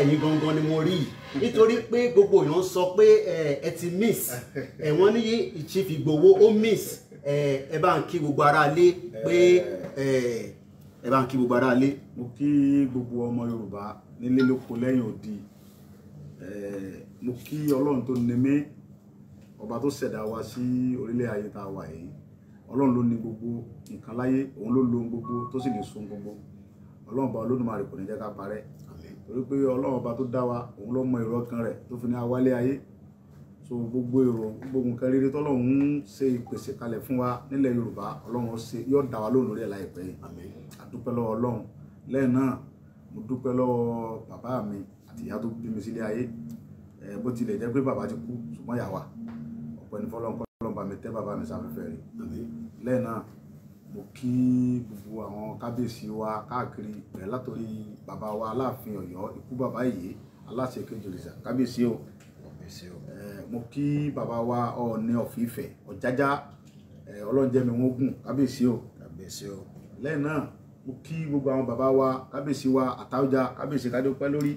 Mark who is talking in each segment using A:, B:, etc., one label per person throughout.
A: ẹ̀yin gangan ni mo rí yìí nítorí pé gbogbo èèyàn sọ pé ẹ ti miss ẹ̀wọ̀n ní Chief Igboho ó miss ẹ bá ń kí gbogbo ará ilé pé ẹ bá ń kí gbogbo ará ilé. mo kí gbogbo ọmọ Yorùbá nílé lóko lẹ́yìn odi mo kí Ọlọ́run tó ní ọba tó ṣẹ̀dá wa sí orílẹ̀ ayé tá a wà yìí ọlọ́run ló ní gbogbo nǹkan láyé òun ló lo gbogbo tó sì lè so gbogbo ọlọ́run bá olódùmarè kò ní jẹ́ ká parẹ́ torí pé ọlọ́run ọba tó dá wa òun ló mọ èrò ọkàn rẹ̀ tó fi ní awálé ayé so gbogbo èrò gbogbo nǹkan rere tọ́lọ́run ń ṣe ìpèsè kalẹ̀ fún wa nílẹ̀ yorùbá ọlọ́run ṣe yóò dá wa lóhùn lórí ẹ̀ láìpẹ́ yìí àdúpẹ́ lọ́wọ́ ọlọ́run lẹ́yìn náà mo dúpẹ́ lọ́wọ́ bàbá mi àti ìyá tó bí mi sílé ayé bó tilẹ̀ jẹ́ pé bàbá ti kú ṣùgbọ́n ìyá wa ọ̀pọ̀ ẹni fọlọ́nkọ́ lọ́nba mi tẹ́ bàbá mi sáfẹ́fẹ́ rí lẹ́yìn náà mo kí gbogbo àwọn kábíyèsí wa káàkiri bẹ̀rẹ̀ látòrí bàbá wa aláàfin ọ̀yọ́ ikú bàbá yìí aláṣẹ kejì òrìṣà kábíyèsí o mo kí bàbá wa ọọ̀ni ọ̀fìfẹ́ ọ̀jájá ọlọ́njẹ́mi wọn gùn kábíyèsí o lẹ́yìn náà mo kí gbogbo àwọn bàbá wa kábíyèsí wa àtàwùjá kábíyèsí kádé lórí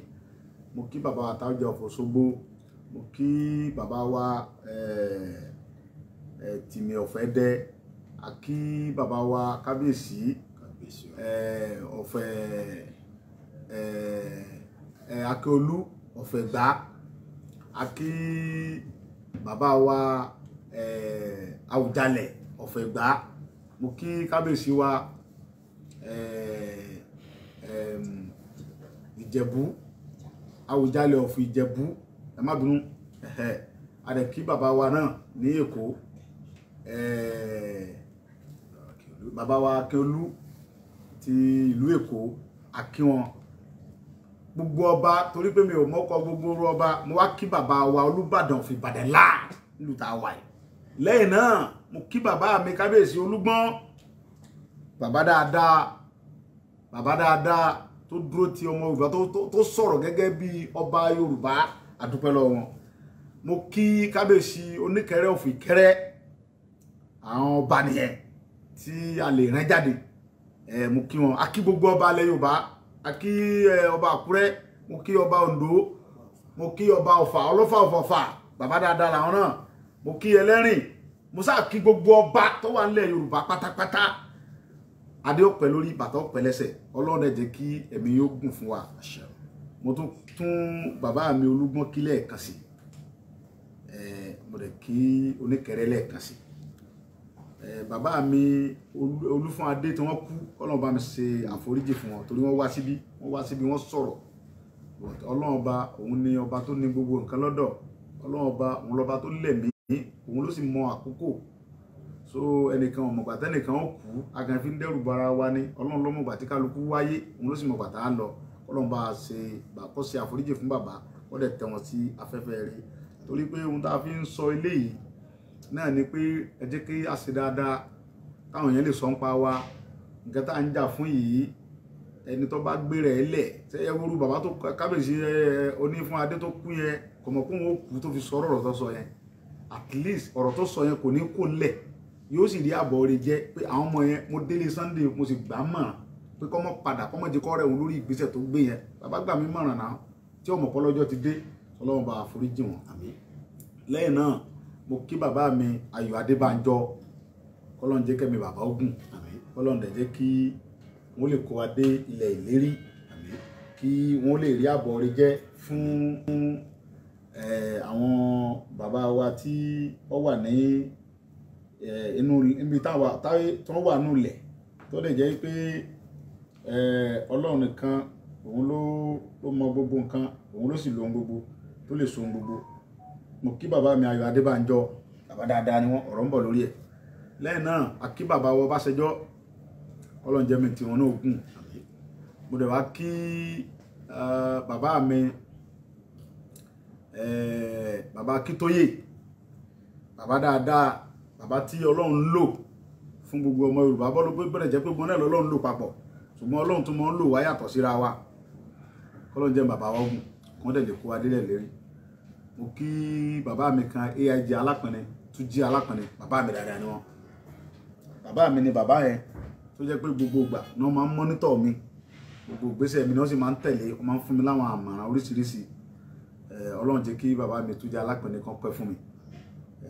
A: mo kí bàbá wa àtàwùjá ọ̀fọ̀ṣogbo mo kí bàbá wa tìmì ọ̀fẹ́ dẹ́ aki baba wa kábíyèsí ọ̀fẹ́ akíolú ọ̀fẹ́ gbá àkí baba wa àwùjalẹ̀ ọ̀fẹ́ gbá mo kí kábíyèsí wa ìjẹ̀bú àwùjalẹ̀ ọ̀fẹ́ ìjẹ̀bú ẹ má bínú a dẹ̀ kí bàbá wa náà ní èkó ẹ̀ẹ́ bàbá wa Akínolú ti ìlú Èkó àkíwọn gbogbo ọba torí pé mi ò mọ́kọ gbogbo orú ọba mo wá kí bàbá wa Olúbàdàn fi Ìbàdàn là nílùú tá a wà yìí lẹ́yìn náà mo kí bàbá mi kábíyèsí Olúgbọ́n bàbá dáadáa bàbá dáadáa tó dúró ti ọmọ Yorùbá tó sọ̀rọ̀ gẹ́gẹ́ bí ọba Yorùbá àdúpẹ́ wọn mo kí kábíyèsí oníkẹrẹ òfìkẹrẹ àwọn ọba nìyẹn tí a lè rán jáde mo kí wọn a kí gbogbo ọba alẹ́ Yorùbá a kí ọba Àkúrẹ́ mo kí ọba Oǹdó mo kí ọba Ọ̀fà ọlọ́fà ọ̀fọ̀fà bàbá dáadáa làwọn náà mo kí ẹlẹ́rìn mo sáà kí gbogbo ọba tó wà nílẹ̀ Yorùbá pátápátá adé ọpẹ lórí bàtà ọpẹ lẹ́sẹ̀ Ọlọ́run ẹ jẹ́ kí ẹ̀mí yóò gùn fún wa mo tún tún bàbá mi Olúgbọ́n kí lẹ́ẹ̀kan sí mo dẹ̀ kí oníkẹrẹ lẹ́ẹ̀kan sí Eh, bàbá mi olúfọn adé tí wọ́n kú ọlọ́run bá mi ṣe àforíjì fún wọn torí wọ́n wá síbí wọ́n wá síbí wọ́n sọ̀rọ̀ ọlọ́run ọba òun ni ọba tó ní gbogbo nǹkan lọ́dọ̀ ọlọ́run ọba òun lọ́ba tó lẹ̀mí òun ló sì mọ àkókò so ẹnìkan ọmọgbà tẹnìkan ó kú agànfin dẹ́rù bara wa ni ọlọ́run lọ́mọgbà tí kálukú wáyé òun ló sì mọ̀gbà tá a lọ ọlọ́run bá ṣe kọ́ ṣe àforíjì fún bàbá wọ́n dẹ̀ tẹ̀ wọ́n sí afẹ́fẹ́ rẹ̀ torí pé ohun tá a fi ń sọ eléyìí náà ni pé ẹ jẹ́ kí a ṣe dáadáa táwọn èèyàn lè sọ ń pa wa nǹkan tá à ń jà fún yìí ẹni tó bá gbéra ẹ lẹ̀ ṣé wúru bàbá tó kábíyèsí ẹ oní fún adé tó kú yẹn kọ̀mọ̀kún ó kú tó fi sọ ọ̀rọ̀ tó sọ yẹn at least ọ̀rọ̀ tó sọ yẹn kò ní kó lẹ̀ yóò sì rí àbọ̀ rẹ̀ jẹ́ pé àwọn ọmọ yẹn mo délé Sunday mo sì gbà mọ̀ràn pé kọ́mọ padà kọ́mọ jẹ́ kọ́ òun lórí ìgbésẹ̀ tó gbé yẹn bàbá gbà mí mọ̀ràn náà tí ọmọ kọ́lọ́jọ́ ti dé ọlọ́run bá àforíjì wọn àmín lẹ́yìn náà mo kí bàbá mi Ayọ̀ Adébánjọ kọ́lọ́n jẹ́ kẹ́mi bàbá ogun kọ́lọ́n dẹ̀ jẹ́ kí wọ́n lè kó wa dé ilẹ̀ ìlérí kí wọ́n lè rí àbọ̀ rí jẹ́ fún àwọn bàbá wa tí wọ́n wà ní inú ibi táwa tó wà nù lẹ̀ tó lè jẹ́ pé ọlọ́run nìkan òun ló mọ gbogbo nǹkan òun ló sì lo ohun gbogbo tó lè so ohun gbogbo mo kí bàbá mi ayọ̀ adébánjọ bàbá dáadáa ni wọ́n ọ̀rọ̀ ń bọ̀ lórí ẹ̀ lẹ́yìn náà a kí bàbá wọ báṣẹjọ́ ọlọ́njẹ́mi tí wọn náà gùn mo dẹ̀ wá kí bàbá mi bàbá kítóyè bàbá dáadáa bàbá tí ọlọ́run lò fún gbogbo ọmọ yorùbá bọ́ ló pé bẹ̀rẹ̀ jẹ́ pé gbọ́n náà lọ́lọ́run lò papọ̀ ṣùgbọ́n ọlọ́run tó máa ń lò wá yàtọ̀ síra wa ọlọ́run jẹ́ bàbá wa gùn kí mo kí bàbá mi kan aig alápẹ̀nẹ tún jí alápẹ̀nẹ bàbá mi dáadáa ni wọn bàbá mi ni bàbá yẹn tó jẹ́ pé gbogbo ìgbà ni wọ́n máa ń mọ́nítọ̀ mi gbogbo ìgbésẹ̀ mi ni wọ́n sì máa ń tẹ̀lé wọ́n máa ń fún mi láwọn àmọ̀ràn oríṣiríṣi eh, ọlọ́run jẹ́ kí bàbá mi tó jẹ́ alápẹ̀nẹ kan pẹ́ fún mi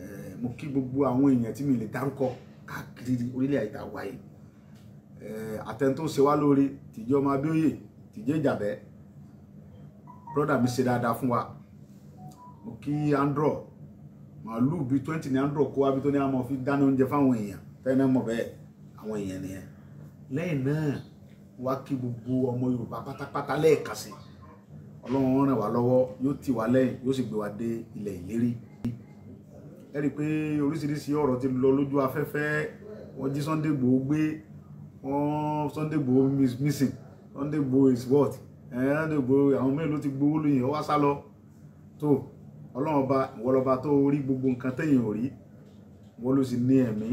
A: eh, mo kí gbogbo àwọn èèyàn tí mi lè dárúkọ káàkiri orílẹ̀ àyíká wáyé eh, àtẹn tó ṣe wá lórí tìjọ́ máa bí òye tìjẹ́ ìjàbẹ́ mo kí andro màálù bíi twenty ní andro kó wá bí tó ní àmọ́ fi dáná oúnjẹ fáwọn èèyàn tẹ́lẹ̀ mọ̀ bẹ́ẹ̀ àwọn èèyàn nìyẹn lẹ́yìn náà wá kí gbogbo ọmọ Yorùbá pátápátá lẹ́ẹ̀ka sí Ọlọ́run ràn wá lọ́wọ́ yóò tì wá lẹ́yìn yóò sì gbé wa dé ilẹ̀ ìlérí ẹ rí i pé oríṣiríṣi ọ̀rọ̀ ti lọ lójú afẹ́fẹ́ wọ́n jí Sunday Igboho gbé wọ́n Sunday Igboho is missing Sunday Igboho is what Sunday Igboho àwọn mélòó ti gbowó lóyìn ọ wá sá lọ tó ọlọ́run ọba ìwọ lọba tó rí gbogbo nǹkan tẹ̀yìn ò rí wọ́n ló sì ní ẹ̀mí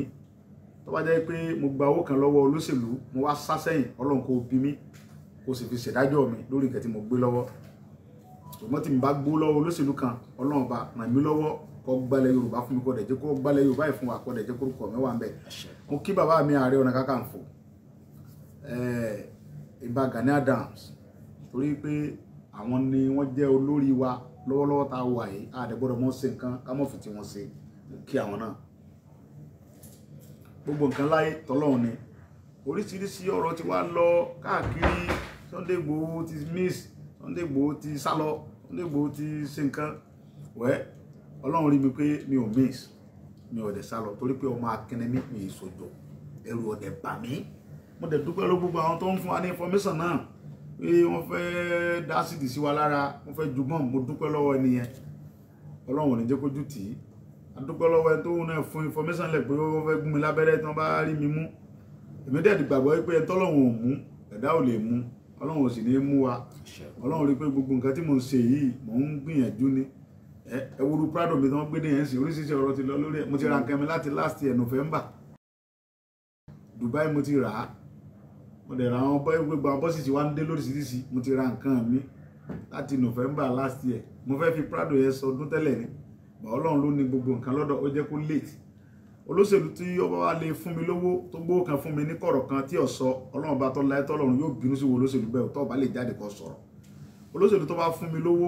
A: tó bá jẹ́ pé mo gba owó kan lọ́wọ́ olóṣèlú mo wá sá sẹ́yìn ọlọ́run kò bí mi kò sì fi ṣèdájọ́ mi lórí nǹkan tí mo gbé lọ́wọ́ ṣùgbọ́n tí mo bá gbó lọ́wọ́ olóṣèlú kan ọlọ́run ọba ràn mí lọ́wọ́ kó gbalẹ̀ yorùbá fún mi kó dẹ̀ jẹ́ gbalẹ̀ yorùbá yìí wa kó dẹ̀ jẹ́ kórúkọ mi wà ń bẹ̀ mo kí bàbá mi ààrẹ ọ̀nà kakanfò ìbà Gani Adams torí pé àwọn ni wọ́n jẹ́ olórí wa lọ́wọ́lọ́wọ́ tá a wà yìí a dẹ̀ gbọ́dọ̀ mọ́ ṣe nǹkan ká mọ́ fi tí wọ́n ṣe kí àwọn náà gbogbo nǹkan láyé tọ́lọ́run ni oríṣiríṣi ọ̀rọ̀ ti wá lọ káàkiri Sunday Igboho ti miss Sunday Igboho ti sálọ Sunday Igboho ti ṣe nǹkan wẹ́ ọlọ́run rí mi pé mi ò miss mi ò dẹ̀ sálọ torí pé ọmọ akẹ́ni mi mi ìṣòjò ẹrù ọ̀dẹ̀ bà mí mo dẹ̀ dúpẹ́ ló gbogbo àwọn tó ń fún wa ní information náà pé wọ́n fẹ́ dásìdì sí wa lára wọ́n fẹ́ ju bọ́ọ̀mù mo dúpẹ́ lọ́wọ́ ẹni yẹn ọlọ́run ò ní jẹ́ kójú tì í adúpẹ́ lọ́wọ́ ẹni tó ń náà fún information lẹ̀ pé wọ́n fẹ́ gún mi lábẹ́rẹ́ tí wọ́n bá rí mi mú èmi dẹ̀ gbàgbọ́ pé ẹni tọ́lọ́run ò mú ẹ̀dá ò lè mú ọlọ́run ò sì ní mú wa ọlọ́run rí pé gbogbo nǹkan tí mò ń ṣe yìí mò ń gbìyànjú ni ẹ wúru prado mi tí wọ́n gbé níyẹn sí oríṣiríṣi ọ̀rọ̀ ti lọ lórí ẹ̀ mo ti ra nǹkan mi láti last year November Dubai mo ti rà á mo dẹ̀ ra àwọn gbogbo àwọn bọ́sìsì wa ń dé lóríṣiríṣi mo ti ra nǹkan mi láti november last year mo fẹ́ fi prado yẹn sọ ọdún tẹ́lẹ̀ ni bàá ọlọ́run ló ní gbogbo nǹkan lọ́dọ̀ ó jẹ́ kó late olóṣèlú tí ó bá wá lè fún mi lówó tó gbówó kan fún mi ní kọ̀rọ̀ kan tí ò sọ ọlọ́run bá tọ́lá ẹtọ́ ọlọ́run yóò bínú sí wo olóṣèlú bẹ́ẹ̀ tó bá lè jáde kó sọ̀rọ̀ olóṣèlú tó bá fún mi lówó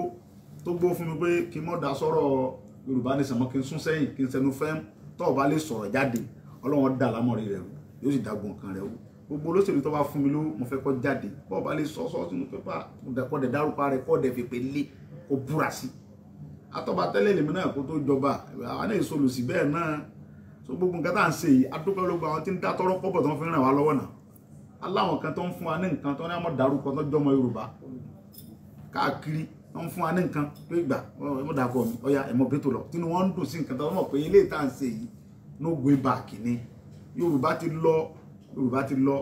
A: tó gbówó fún mi pé kí n mọ̀ dá sọ̀rọ̀ yorùbá ní sàmọ́ kí n sún sẹ́yìn kí n sẹnu fẹ́m tó bá lè sọ̀rọ̀ jáde ọlọ́run dà lámọ̀rí rẹ̀ yóò sì dàgbọ̀n kan rẹ̀ wò gbogbo olóṣèlú tó bá fún mi lówó mo fẹ́ kó jáde bọ́ọ̀ bá lè sọ sọ sínú pépà kọ́dẹ̀ dárúkọ rẹ̀ kọ́dẹ̀ fèpè lé kó búra sí atọ́ba tẹ́lẹ̀ lèmi náà kó tó jọba àwọn náà èso lòsì bẹ́ẹ̀ náà so gbogbo nǹkan tá à ń ṣe yìí adúpẹ́ ológun àwọn tí ń dá tọ́rọ́ pọ́pọ̀ tó ń fi ràn wá lọ́wọ́ náà aláwọn kan tó ń fún wa ní nǹkan tó ní àmọ́ dárúkọ tó jọmọ Yorùbá káàkiri tó ń fún wa ní nǹkan tó ìgbà ẹmọ dàgọ mi ọya ẹmọ bẹtò lọ tínú wọn ń dùn sí nǹkan tó wọn mọ̀ pé eléyìí tá à ń ṣe yìí no go back ni Yorùbá ti lọ yorùbá ti lọ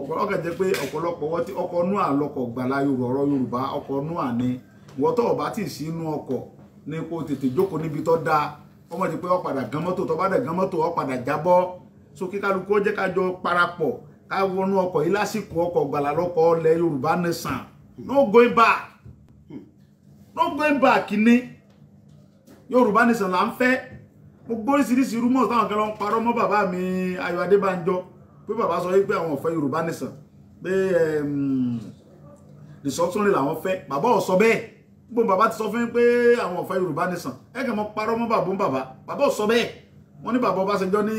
A: ọ̀pọ̀lọpọ̀ jẹ́ pé ọ̀pọ̀lọpọ̀ wọ́n ti ọkọ̀ nú àlọkọ̀ gbàlá yorùbá ọ̀rọ̀ yorùbá ọkọ̀ nú àní wọ́n tó ọ̀bá tì sí inú ọkọ̀ ní kó tètè jókòó níbi tó dáa ọmọ ti pé ó padà gan mọ́tò tó bá dẹ̀ gan mọ́tò ó padà jábọ́ so kíkálukú ó jẹ́ ká jọ parapọ̀ ká wọnú ọkọ̀ yìí lásìkò ọkọ̀ gbàlá lọ́kọ̀ ọlẹ̀ yorùbá nation no going back no going back ni yorùbá nation là ń fẹ́ gbogbo oríṣiríṣi rúmọ̀ táwọn kan lọ ń parọ́ mọ́ bàbá mi ayọ̀ adébánjọ́ pé bàbá sọ wípé àwọn ò fẹ́ Yorùbá nìsàn pé ìsọtúnrin làwọn fẹ́ bàbá ò sọ bẹ́ẹ̀ gbogbo bàbá ti sọ fún yín pé àwọn ò fẹ́ Yorùbá nìsàn ẹ kàn mọ́ parọ́ mọ́ bàbá bàbá bàbá ò sọ bẹ́ẹ̀ wọ́n ní bàbá Ọbásanjọ́ ní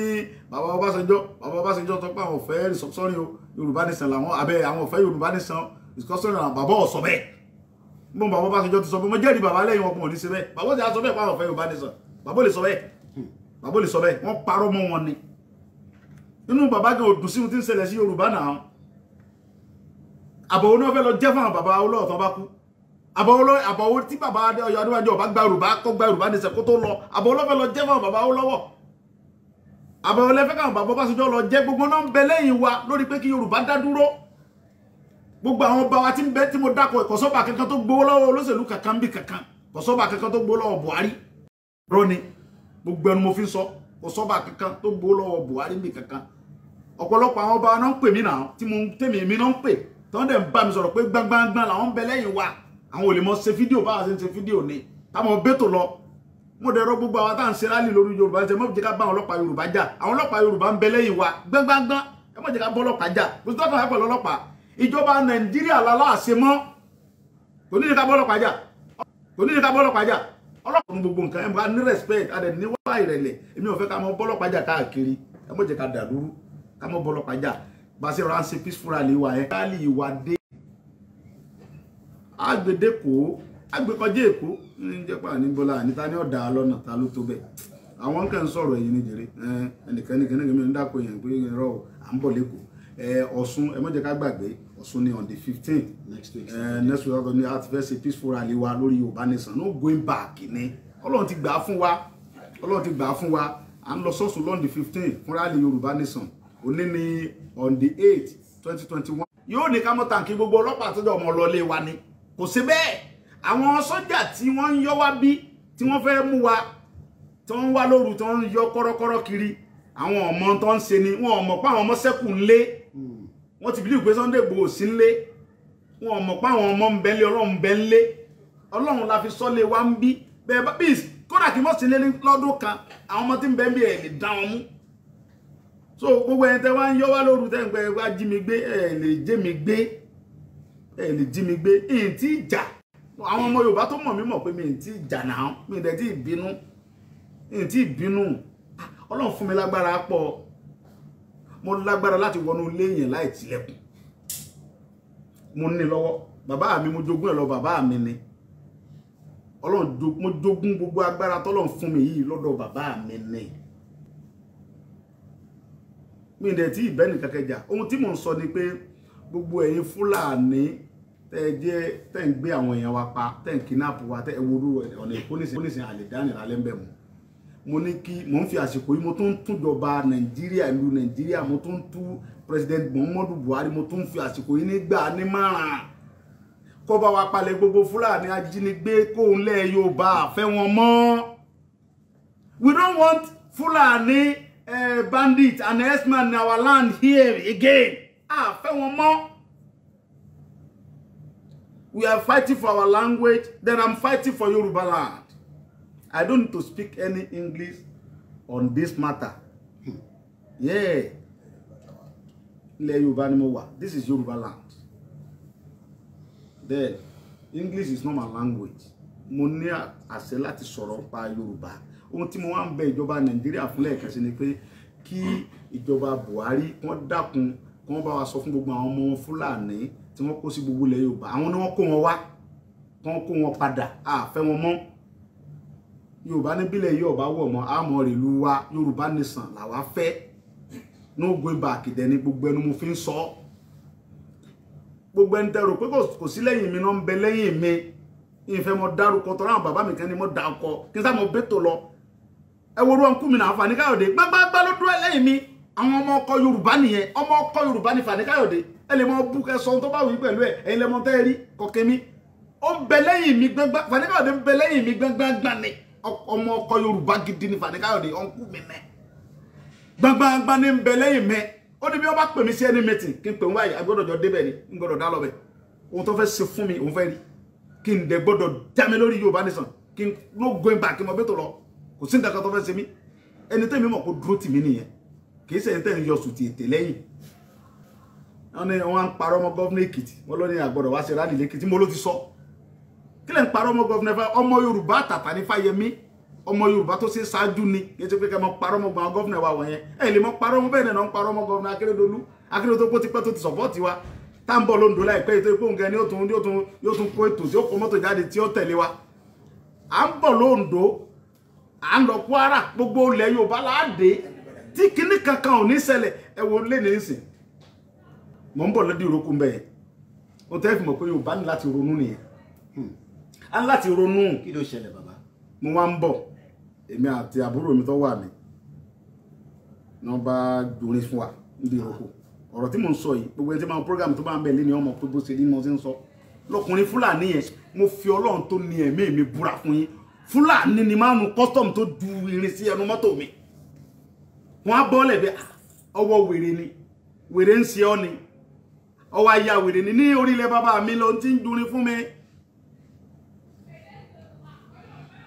A: bàbá Ọbásanjọ́ bàbá Ọbásanjọ́ tó pé àwọn ò fẹ́ ìsọtúnrin Yorùbá nìsàn làwọn àbẹ àwọn ò fẹ́ Yorùbá nìsàn ìsọtúnrin làwọn bàbá ò sọ bẹ́ẹ̀ gbogbo bàbá Ọbásanjọ́ ti sọ pé mo jẹ́rìí bàbá lẹ́yìn ọkùnrin ò ní ṣe bẹ́ẹ̀ bàbá ò ti sọ bẹ́ẹ̀ pé àwọn ò fẹ́ Yorùbá nìsàn bàbá ò lè sọ bẹ́ẹ̀ bàbá ò lè sọ bẹ́ẹ̀ inú bàbá gan ò dùn sí ohun tí ń ṣẹlẹ̀ sí Yorùbá náà àbọ̀wò náà fẹ́ lọ jẹ́ fún àwọn bàbá olóòtọ́ bá kú àbọ̀wò tí bàbá Ọ̀yọ́ Adéwájú ọba gba Yorùbá kọ́ gba Yorùbá nìṣẹ́ kó tó lọ àbọ̀wò lọ́fẹ́ lọ jẹ́ fún àwọn bàbá olówó àbọ̀wò lẹ́fẹ́ káwọn bàbá Ọbásanjọ́ lọ jẹ́ gbogbo náà ń bẹ lẹ́yìn wa lórí pé kí Yorùbá dá dúró gbogbo àwọn ọba wa tí ń bẹ tí mo dákọ̀ kọ̀sọ́bà kankan tó gbowó lọ́wọ́ olóṣèlú kankan bí kankan kọ̀sọ́bà kankan tó gbowó lọ́wọ́ Buhari rọ́ni gbogbo ẹnu mo fi ń sọ kọ̀sọ́bà kankan tó gbowó lọ́wọ́ Buhari bí kankan ọ̀pọ̀lọpọ̀ àwọn ọba náà ń pè mí náà tí mo tèmi èmi náà ń pè tọ́wọ́n dẹ̀ ń bá mi sọ̀rọ̀ pé gbangbangban làwọn ń bẹ lẹ́yìn wa àwọn ò lè mọ ṣe fídíò báwa ṣe ń ṣe fídíò ni táwọn bẹ́tò lọ mo dẹ̀rọ gbogbo àwa tá à ń ṣe rálì lórí Yorùbá ṣe mọ́ jẹ́ ká bá àwọn ọlọ́pàá Yorùbá jà àwọn ọlọ́pàá Yorùbá ń bẹ lẹ́yìn wa gbangbangban ẹ mọ́ jẹ́ ká bọ́ ọlọ́pàá jà kò sí tọ́kàn ẹ̀ pẹ̀lú ọlọ́pàá ìjọba Nàìjíríà lálàáṣe mọ́ kò ní ní ká bọ́ ọlọ́pàá jà kò ní ní ká bọ́ ọlọ́pàá jà ọlọ́pàá ní gbogbo nǹkan ẹ̀ mọ́ ká ní respect adẹ̀ níwá ìrẹ̀lẹ̀ ká mọ́ bọ́lọ́pàá jà gbàṣẹ ọ̀rọ̀ à ń ṣe peaceful rally wa ẹ̀ rally ìwà dé agbèdéko agbèkọjá èkó ní jẹ́pà ní bọ́lá níta ní ọ̀dà lọ́nà ta ló tó bẹ́ẹ̀ àwọn kan sọ̀rọ̀ ẹ̀yìn ní jèrè ẹnìkan nìkan nìkan mi ń dàpọ̀ yẹn pé ìrọ̀ à ń bọ̀ lẹ́kọ̀ọ́ ọ̀ṣun ẹ má jẹ́ ká gbàgbé ọ̀ṣun ni on the fifteen next week next week ọ̀gbìn àti fẹ́ ṣe peaceful rally wa lórí yorùbá nation no going back ni ọlọ́run ti gbà á wa ọlọ́run ti gbà á wa à ń lọ sọ́sùn lọ́ndì fifteen fún rally yorùbá nation òní ni on the eight twenty twenty one. yóò ní ká mọ́ tàǹkì gbogbo ọlọ́pàá tó dọ̀ ọmọ lọlé wa ni kò sí bẹ́ẹ̀ àwọn sọ́jà tí wọ́n ń yọ wá bí tí wọ́n fẹ́ mú wa tí wọ́n ń wá lóru tí wọ́n ń yọ kọ́rọ́kọ́rọ́ kiri àwọn ọmọ tó ń ṣe ni wọn ò mọ̀ pé àwọn ọmọ ṣẹ́kù ń lé wọ́n ti believe pé Sunday Igboho sí ń lé wọn ò mọ̀ pé àwọn ọmọ ń bẹ lé ọlọ́run bẹ ń lé ọlọ́run la fi sọ́lé wa ń bí bẹ́ẹ̀ bá bí kódà kí wọ́n sì lé lọ́dún kan àwọn ọmọ tí ń bẹ ń bí ẹ̀ lè dá wọn mú so gbogbo ẹni tẹ wá ń yọ wá lóru tẹ ń pẹ wá jí mi gbé ẹ lè jẹ mi gbé ẹ lè jí mi gbé ẹ ti jà àwọn ọmọ Yorùbá tó mọ̀ mí mọ̀ pé mi ì tí jà náà mi ì dẹ̀ tí ì bínú ì tí ì bínú ah, Ọlọ́run fún mi lágbára pọ̀ mo lágbára láti wọnú ilé láì tilẹ̀kùn mo ní lọ́wọ́ bàbá mi mo jogún ẹ̀ lọ bàbá mi ni Ọlọ́run mo jogún gbogbo agbára tọ́lọ́run fún mi yìí lọ́dọ̀ bàbá mi ni mi ì dẹ̀ tí ìbẹ́ni kẹkẹjà ohun tí mò ń sọ ni pé gbogbo ẹ̀yin fúlàní tẹ́ jẹ́ tẹ́ ń gbé àwọn èèyàn wa pa tẹ́ ń kidnap wa tẹ́ ẹ wo ọ̀nà ìpónìsìn àlèdánì lálẹ́ ń bẹ̀ mọ́ mo ní kí mò ń fi àsìkò yìí mo tún ń túnjọba nàìjíríà ìlú nàìjíríà mo tún ń president muhammadu buhari mo tún fi àsìkò yìí nígbà nímọ̀ràn kó bá wa palẹ̀ gbogbo fúlàní ajínigbé kóun lẹ́ yorùbá àfẹ́ wọn mọ́ we don't want fúlàní uh, eh, bandits and herdsmen in our land here again. Ah, fẹ́ one more, We are fighting for our language, then I'm fighting for Yoruba land. I don't need to speak any English on this matter. Hmm. yeah. Ilẹ̀ Yorùbá ni mo wà. This is Yoruba land. Then, English is not my language. Mo aselati soro láti sọ̀rọ̀ pa Yorùbá ohun tí mo wá ń bẹ ìjọba nàìjíríà fún lẹ́ẹ̀kan sí ni pé kí ìjọba buhari wọ́n dákun kí wọ́n bá wa sọ fún gbogbo àwọn ọmọ fúlàní tí wọ́n kó sí gbogbo ilẹ̀ yorùbá àwọn ni wọ́n kó wọn wá kí wọ́n kó wọn padà àfẹ́ wọn mọ́ yorùbá níbílẹ̀ yorùbá wọ̀ mọ́ àmọ́ ìlú wa yorùbá nìsàn làwa fẹ́ no going back dẹni gbogbo ẹnu mo fi ń sọ gbogbo ẹni tẹrù pé kò sí lẹ́yìn mi náà ń bẹ lẹ́yìn mi ìfẹ́ mo dárúkọ tọ́ra àwọn bàbá mi kan ni mo dà ọkọ kí n sá mo bẹ́tò lọ ẹ wo ruwanku mi náà Fani Káyọ̀dé gbágbágbá ló dúró lẹ́yìn mi àwọn ọmọ ọkọ Yorùbá nìyẹn ọmọ ọkọ Yorùbá ni Fani Káyọ̀dé ẹ lè mọ bú kẹ sọ ohun tó bá wù í pẹ̀lú ẹ ẹ̀yin lẹmọ tẹ́ ẹ rí kọkẹ́mí ó ń bẹ lẹ́yìn mi gbẹ́ngbẹ́ Fani Káyọ̀dé ń bẹ lẹ́yìn mi gbẹ́ngbẹ́ngbà ni ọmọ ọkọ Yorùbá gidi ni Fani Káyọ̀dé ọ̀nkú mi mẹ́ gbẹ́ngbẹ́ngbà ni ń bẹ lẹ́yìn mẹ́ ó ní bí wọ́n bá pè mí sí ẹni mẹ́tìn kí n pè wáyé agbọ́dọ̀ jọ débẹ̀ ni n gbọ́dọ̀ dá lọ bẹ̀ ohun going back kí n lọ kò sí nǹkan kan tó fẹ́ ṣe mí ẹni tẹ́mi mọ̀ kó dúró tì mí nìyẹn kì í sẹ́yìn tẹ́yìn yọ sùtì ètè lẹ́yìn wọn ni wọn ń parọ́ mọ́ gọ́vnà èkìtì wọn ló ní àgbọ̀dọ̀ wá ṣe rálì lẹ́kìtì mo ló ti sọ kí lẹ́ ń parọ́ mọ́ gọ́vnà fẹ́ ọmọ yorùbá àtàtà ní fáyemí ọmọ yorùbá tó ṣe ṣáájú ni kì í ṣe pé kẹ́ mọ́ parọ́ mọ́ gbọ́n wa wọ̀nyẹn ẹ̀ lè mọ́ parọ́ mọ́ bẹ́ẹ̀ náà ń parọ́ mọ́ gọ́vnà akérèdọ́lù akérèdọ́lù ti pẹ́ tó ti sọ̀pọ́ọ̀tì wa tá ń bọ̀ lóńdó láìpẹ́ ètò ìpóhùn gan ni yóò tún kó ètò tí ó kó mọ́tò jáde tí ó tẹ̀lé wa à ń bọ̀ lóńdó à ń lọ Kwara gbogbo ilẹ̀ Yorùbá láàdé tí kinní kankan ò ní ṣẹlẹ̀ ẹ wo lé ní ìsìn mọ̀ ń bọ̀ lọ́dí ìrókù mbẹ́ o tẹ́ fi mọ̀ pé Yorùbá ní láti ronú nìyẹn hmm. a ní láti ronú kí ló ṣẹlẹ̀ bàbá mo wá ń bọ̀ èmi àti àbúrò mi tó wà mí náà bá dorin fún wa níbi ìrókù ọ̀rọ̀ tí mo ń sọ yìí gbogbo ẹni tí máa program tó bá ń bẹ̀ lé ní ọmọ pé bó ṣe ní mo ti ń sọ lọkùnrin Fúlàní yẹn mo fi Ọlọ́run tó ní ẹ̀mí mi búra fún yín fúlàní ni máa nu custom tó du irin sí ẹnu mọ́tò mi wọ́n á bọ́ọ̀lẹ̀ bí ah, ọwọ́ wèrè ni wèrè ń ṣe ọ́ ni ọwọ́ aya wèrè ni ní orílẹ̀ bàbá mi ló ti ń durin fún mi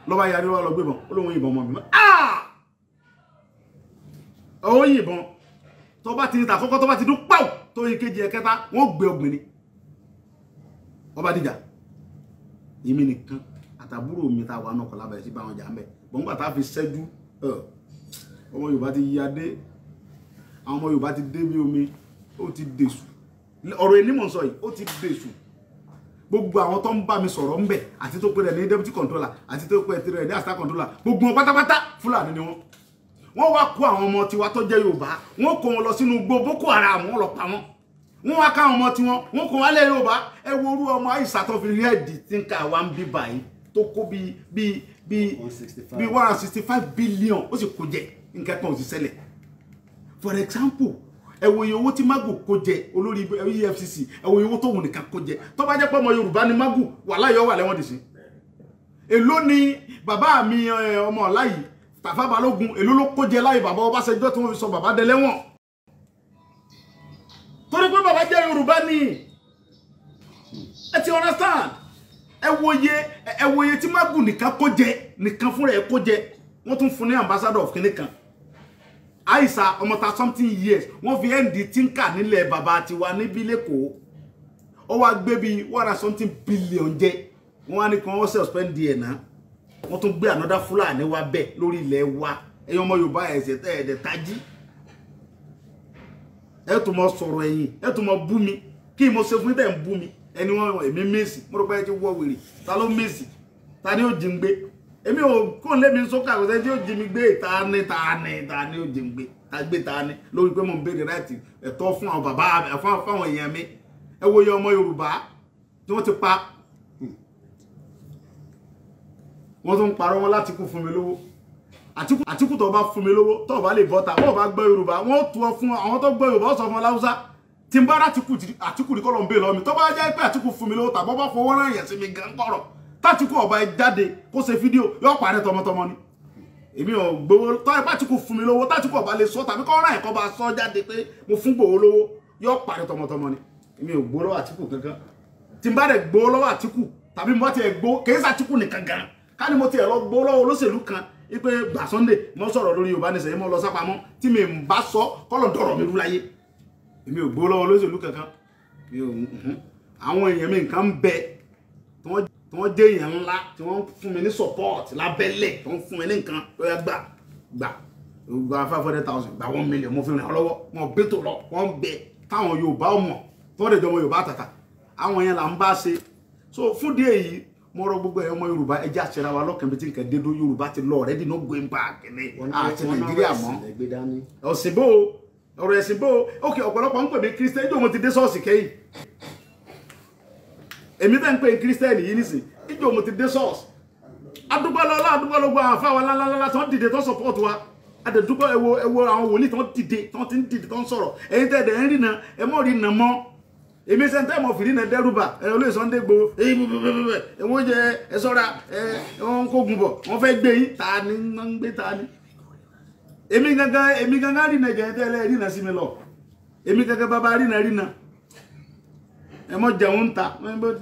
A: lọ́ba yarí wa lọ gbébọn ó lóun yìnbọn mọ́ mi mọ́ ah! ó yìnbọn tó bá ti ta kọ́kọ́ tó bá ti dún pàù tó yin kejì ẹ̀kẹta wọ́n gbé ọgbìn ni ọba dìjà èmi nìkan àtàbúrò mi tá a wà náà kọ́ lábẹ́rẹ́ sí báwọn jà ń bẹ̀ bọ́ngbà tá a fi ṣẹ́jú ọmọ Yorùbá ti yí adé àwọn ọmọ Yorùbá ti dé bí omi ó ti dèṣù ọ̀rọ̀ èní mò ń sọ yìí ó ti dèṣù gbogbo àwọn tó ń bá mi sọ̀rọ̀ ńbẹ̀ àti tó pẹ́ rẹ̀ ní deputy controller àti tó pẹ́ rẹ̀ ní assistant controller gbogbo wọn pátápátá fúlàní ni wọn wọ́n wá kó àwọn ọmọ tiwa tó jẹ́ yorùbá wọ́n kó wọn lọ sínú igbó boko haram wọ́n lọ pa wọ́n wọ́n wá ká àwọn ọmọ tiwọn wọ́n kó wọn lẹ́ yorùbá ẹ wo orú ọmọ àìsà tó fi rí ẹ̀dì tí ń ka wa ń bí báyìí tó kó bíi bíi bíi bíi one hundred sixty five billion ó sì kó jẹ nǹkan kan ò sì for example ẹ wo iye owó tí magu kó jẹ olórí EFCC ẹ wo iye owó tóun nìkan kó jẹ tó bá jẹ́ pé ọmọ Yorùbá ni magu wàhálà yọ wà lẹ́wọ̀n dì sí èló ni bàbá mi ọmọ ọ̀la yìí Tafa Balógun èló ló kó jẹ láyé bàbá Ọbásanjọ́ tí wọ́n fi sọ bàbá dẹlẹ́wọ̀n torí pé bàbá jẹ́ Yorùbá ni ẹ ti understand ẹ wòye tí magun nìkan kó jẹ nìkan fúnra ẹ kó jẹ wọ́n tún fún ní ambassador of kinní kan aisa ọmọta something years wọ́n fi nd tinka nílẹ̀ bàbá tiwa níbí lẹ́kọ̀ọ́ ó wá gbé bíi one something billion jẹ wọ́n wá ní kí wọ́n suspend díẹ̀ náà wọ́n tún gbé another fúlàní wa bẹ́ẹ̀ lórí ilẹ̀ wa ẹ̀yin ọmọ yorùbá ẹ̀sẹ̀ tẹ́ tají ẹ̀ tún mọ sọ̀rọ̀ ẹ̀yìn ẹ̀ tún mọ bú mi kí mo ṣe fún tẹ̀ ń bú mi ẹni wọn èmi mísì mo rò pé ẹ ti wọ wèrè ta ló mísì ta ni ó jí ń gbé èmi ò kó ń lé mi sókè àkọsẹ́ tí ó jí mi gbé ta ni ta ni ta ni ó jí ń gbé ta gbé ta ni lórí pé mo ń béèrè láti ẹ̀tọ́ fún àwọn bàbá mi fáwọn èèyàn mi ẹ wo iye ọmọ Yorùbá tí wọ́n ti pa wọ́n tún ń wọn láti kú fún mi lówó àtìkù bá fún mi lówó tó bá lè bọ́ta wọ́n bá gbọ́ Yorùbá wọ́n tún ọ fún àwọn tó gbọ́ Yorùbá ó fún ọ láwùsá tí n bá rà tìkù àtìkù ní kọ́lọ̀ ń bè lọ́mi tó bá jẹ́ pé àtìkù fún mi lówó tàbọ́ bá fowó rán yẹn sí mi gan kọ̀rọ̀ tàtìkù ọba ẹ jáde kó ṣe fídíò yóò parẹ́ tọmọtọmọ ni èmi ò gbowó tọ́ ipá tìkù fún mi lówó tàtìkù ọba lè sọ tàbí kọ́ rán ẹ̀kọ́ bá sọ jáde pé mo fún gbowó lówó yóò parẹ́ tọmọtọmọ ni èmi ò gbowó lọ́wọ́ àtìkù kankan tí n bá dẹ̀ gbowó lọ́wọ́ àtìkù tàbí mo ti ẹ̀ gbowó kèé sàtìkù nìkan gan ká ní mo ti ẹ̀ lọ gbowó lọ́wọ́ olóṣèlú kan ipe gbà Sunday mo sọ̀rọ̀ lórí Yorùbá nìṣẹ́ mo lọ sápamọ́ tí mi ń bá sọ kọ́lọ̀ dọ̀rọ̀ mi rú láyé èmi ò gbowó lọ́wọ́ olóṣèlú kankan mi ò mhm. àwọn èèyàn mi nǹkan ń bẹ tí wọ́n dé èèyàn ńlá tí wọ́n fún mi ní support lábẹ́lẹ̀ tí wọ́n fún mi ní nǹkan ó yá gbà gbà gba five hundred thousand gba one million mo fi ràn ọ́ lọ́wọ́ wọn gbé tó lọ wọn bẹ táwọn Yorùbá mọ̀ tí wọ́n lè jọ ọmọ Yorùbá tàtà àwọn yẹn là ń bá ṣe so fún díẹ̀ yìí mo rọ gbogbo ẹ̀yọ́ ọmọ yorùbá ẹjẹ́ àṣẹra wa lọ́kàn bí tí nǹkan dé dó yorùbá ti lọ ọ̀rẹ́dì náà gbé ń bá a kẹ́lẹ́ àti nàìjíríà mọ́ ọ̀sìnbó ọ̀rọ̀ ẹ̀sìn bó ok ọ̀pọ̀lọpọ̀ ń pè mí kírísítẹ́nì ìjọ mo ti dé ṣọ́ọ̀ṣì kẹ́yìn èmi tẹ́ ń pè kírísítẹ́nì yìí nísìn ìjọ mo ti dé ṣọ́ọ̀ṣì adúgbọ́lọ́lá adúgbọ́lọ́gbọ́ àfa wa lálálálá tó ń dìde tó ń sọ̀pọ̀tù wa adẹ̀dúgbọ́ ẹ̀wọ̀ ẹ̀wọ̀ àwọn wòlíì tó ń dìde tó ń ti ń dìde tó ń sọ̀rọ̀ ẹ̀yin tẹ́ ẹ̀dẹ̀ ń rìnà ẹ̀ mọ́ rìnà mọ́ èmi sẹ́ ń tẹ́ mọ̀ fìrí náà dẹ́rùbà ẹ̀rọ olóyè Sunday Igboho ẹ̀yìn bẹ̀bẹ̀bẹ̀bẹ̀ ẹ̀wọ̀n jẹ ẹ̀sọ́ra ẹ̀ wọ́n kó gun bọ̀ wọ́n fẹ́ gbé yín ta ni wọ́n ń gbé ta ni èmi gangan èmi gangan rìnà jẹ̀yìn tẹ́lẹ̀ rìnà sí mi lọ èmi gangan bàbá na rìnà ẹ mọ jẹun ta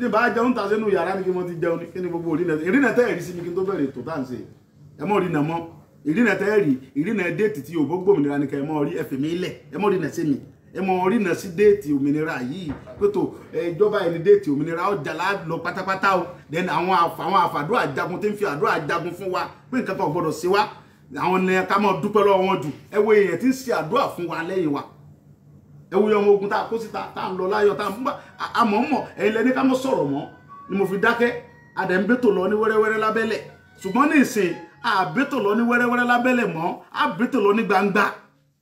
A: ní bá jẹun ta sínú yàrá ni kí mo ti jẹun kí ni gbogbo rìnà ìrìnà tẹ́ ẹ̀rí sí mi kí n tó bẹ̀rẹ̀ ètò tá à ń ṣe ẹ mọ rìnà mọ́ ìrìnà tẹ́ ẹ̀rí ìrìnà déètì tí òbó gbòmìnira ni kẹ́ ẹ mọ rí ẹ̀fẹ̀ mi lẹ̀ ẹ mọ rìnà sí mi ẹ mọ rìnà sí déètì òmìnira yìí pẹ̀tọ̀ ìjọba ẹni déètì òmìnira ọjà lọ pátápátá o then àwọn àfàdúrà jagun tí ń fi àdúrà jagun fún wa pé nǹkan kan gbọdọ̀ sí wa àwọn ni ká máa dúpẹ́ lọ́wọ́ wọn jù ẹ wo èèyàn tí ń ṣe àdúrà fún wa lẹ́yìn wa ẹ wo ọmọ ogun tá a kó síta tá a ń lọ láyọ̀ tá a ń bá a mọ̀ ń mọ̀ ẹ̀yin lẹni ká mọ̀ sọ̀rọ̀ mọ́ ni mo fi dákẹ́ àdẹ̀mbẹ́tò lọ ní wẹ́rẹ́wẹ́rẹ́ lábẹ́lẹ̀ ṣùgbọ́n ní ìsìn àbẹ́tò lọ ní wẹ́rẹ́wẹ́rẹ́ lábẹ́lẹ̀ mọ́ àbẹ́tò lọ ní gbangba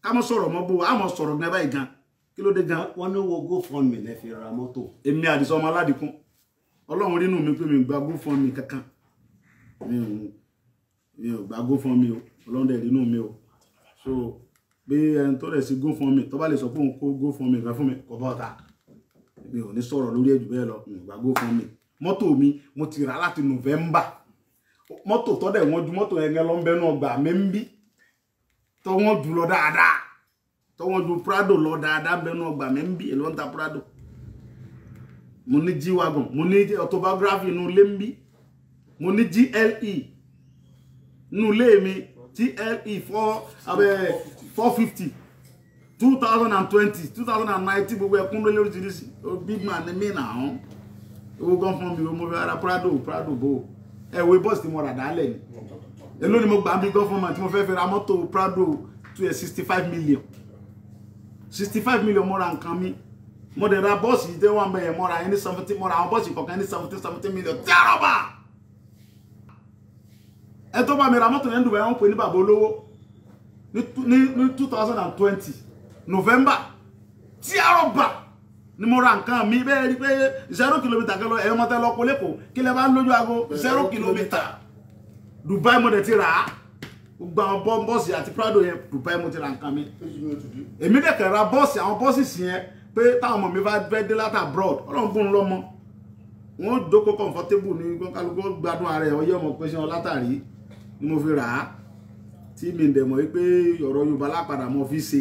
A: ká mọ̀ sọ̀rọ̀ mọ́ bó a mọ̀ sọ̀rọ̀ gan báyìí gan kí ló dé gan. wọn ní wo gofundme lẹ fi ra mọ́tò. èmi àdìsọ ọmọ aládìkún ọlọ́run rínú mi pé mi gba gofundme kankan mi ò gba gofundme o ọlọ́dẹ ìrìnú mi o so bí ẹni tó rẹ̀ sí go fún mi tó bá lè sọ pé òun kó go fún mi nǹkan fún mi kọ́ bá ọ̀tá mi ò ní sọ̀rọ̀ lórí ẹ̀jú bẹ́ẹ̀ lọ ìgbà go fún mi mọ́tò mi mo ti rà láti November mọ́tò tó dẹ̀ wọ́n ju mọ́tò ẹ̀gẹ́ lọ ń bẹ́nu ọgbà mi ń bí tó wọ́n jù lọ dáadáa tó wọ́n ju Prado lọ dáadáa bẹ́nu ọgbà mi ń bí èló ń ta Prado mo ní g-wagon mo ní autobiography inú ilé ń bí mo ní gle inú ilé mi TLE four abẹ four fifty two thousand and twenty two thousand and nineteen gbogbo ẹkún lórí oríṣiríṣi big man the main now. We go from fún mi mo fi ara prado prado bò Hey, we bọ́ọ̀sì tí mo rà dálẹ̀ ni èló ni mo gbà bí gọ́fọ̀mà tí mo fẹ́ fi ra mọ́tò sixty five million sixty five million more ra nǹkan mi mo dẹ̀ ra bọ́ọ̀sì yìí dé wọn bẹ̀yẹ̀ mo ra ẹni seventy mo ra àwọn bọ́ọ̀sì kọ̀ọ̀kan ẹni million Terrible ẹ tó bá mi ra mọ́tò yẹn dùbẹ̀ wọ́n pè ní bàbá olówó ní two thousand and twenty november tí a rọ̀ bà ni mo ra nǹkan mi bẹ́ẹ̀ rí pé zero kilometre kẹlọ ẹ̀yọ́ mọ́tẹ́ lọ́kọ́ lẹ́kọ̀ọ́ kí lẹ bá ń lójú aago zero kilometre dubai mo dẹ̀ ti rà á gbogbo àwọn bọ́ bọ́ọ̀sì àti prado yẹn dubai mo ti ra nǹkan mi èmi kẹ̀kẹ́ ra bọ́ọ̀sì àwọn bọ́ọ̀sì sì yẹn pé táwọn ọmọ mi bá fẹ́ dé láti abroad ọlọ́run fún un lọ́mọ wọn jókòó comfortable ní kálukú gbádùn ara ẹ̀ ni mo fi rà á tí mi ń dẹ̀ mọ̀ pé ọ̀rọ̀ Yorùbá lápadà mo fi ṣe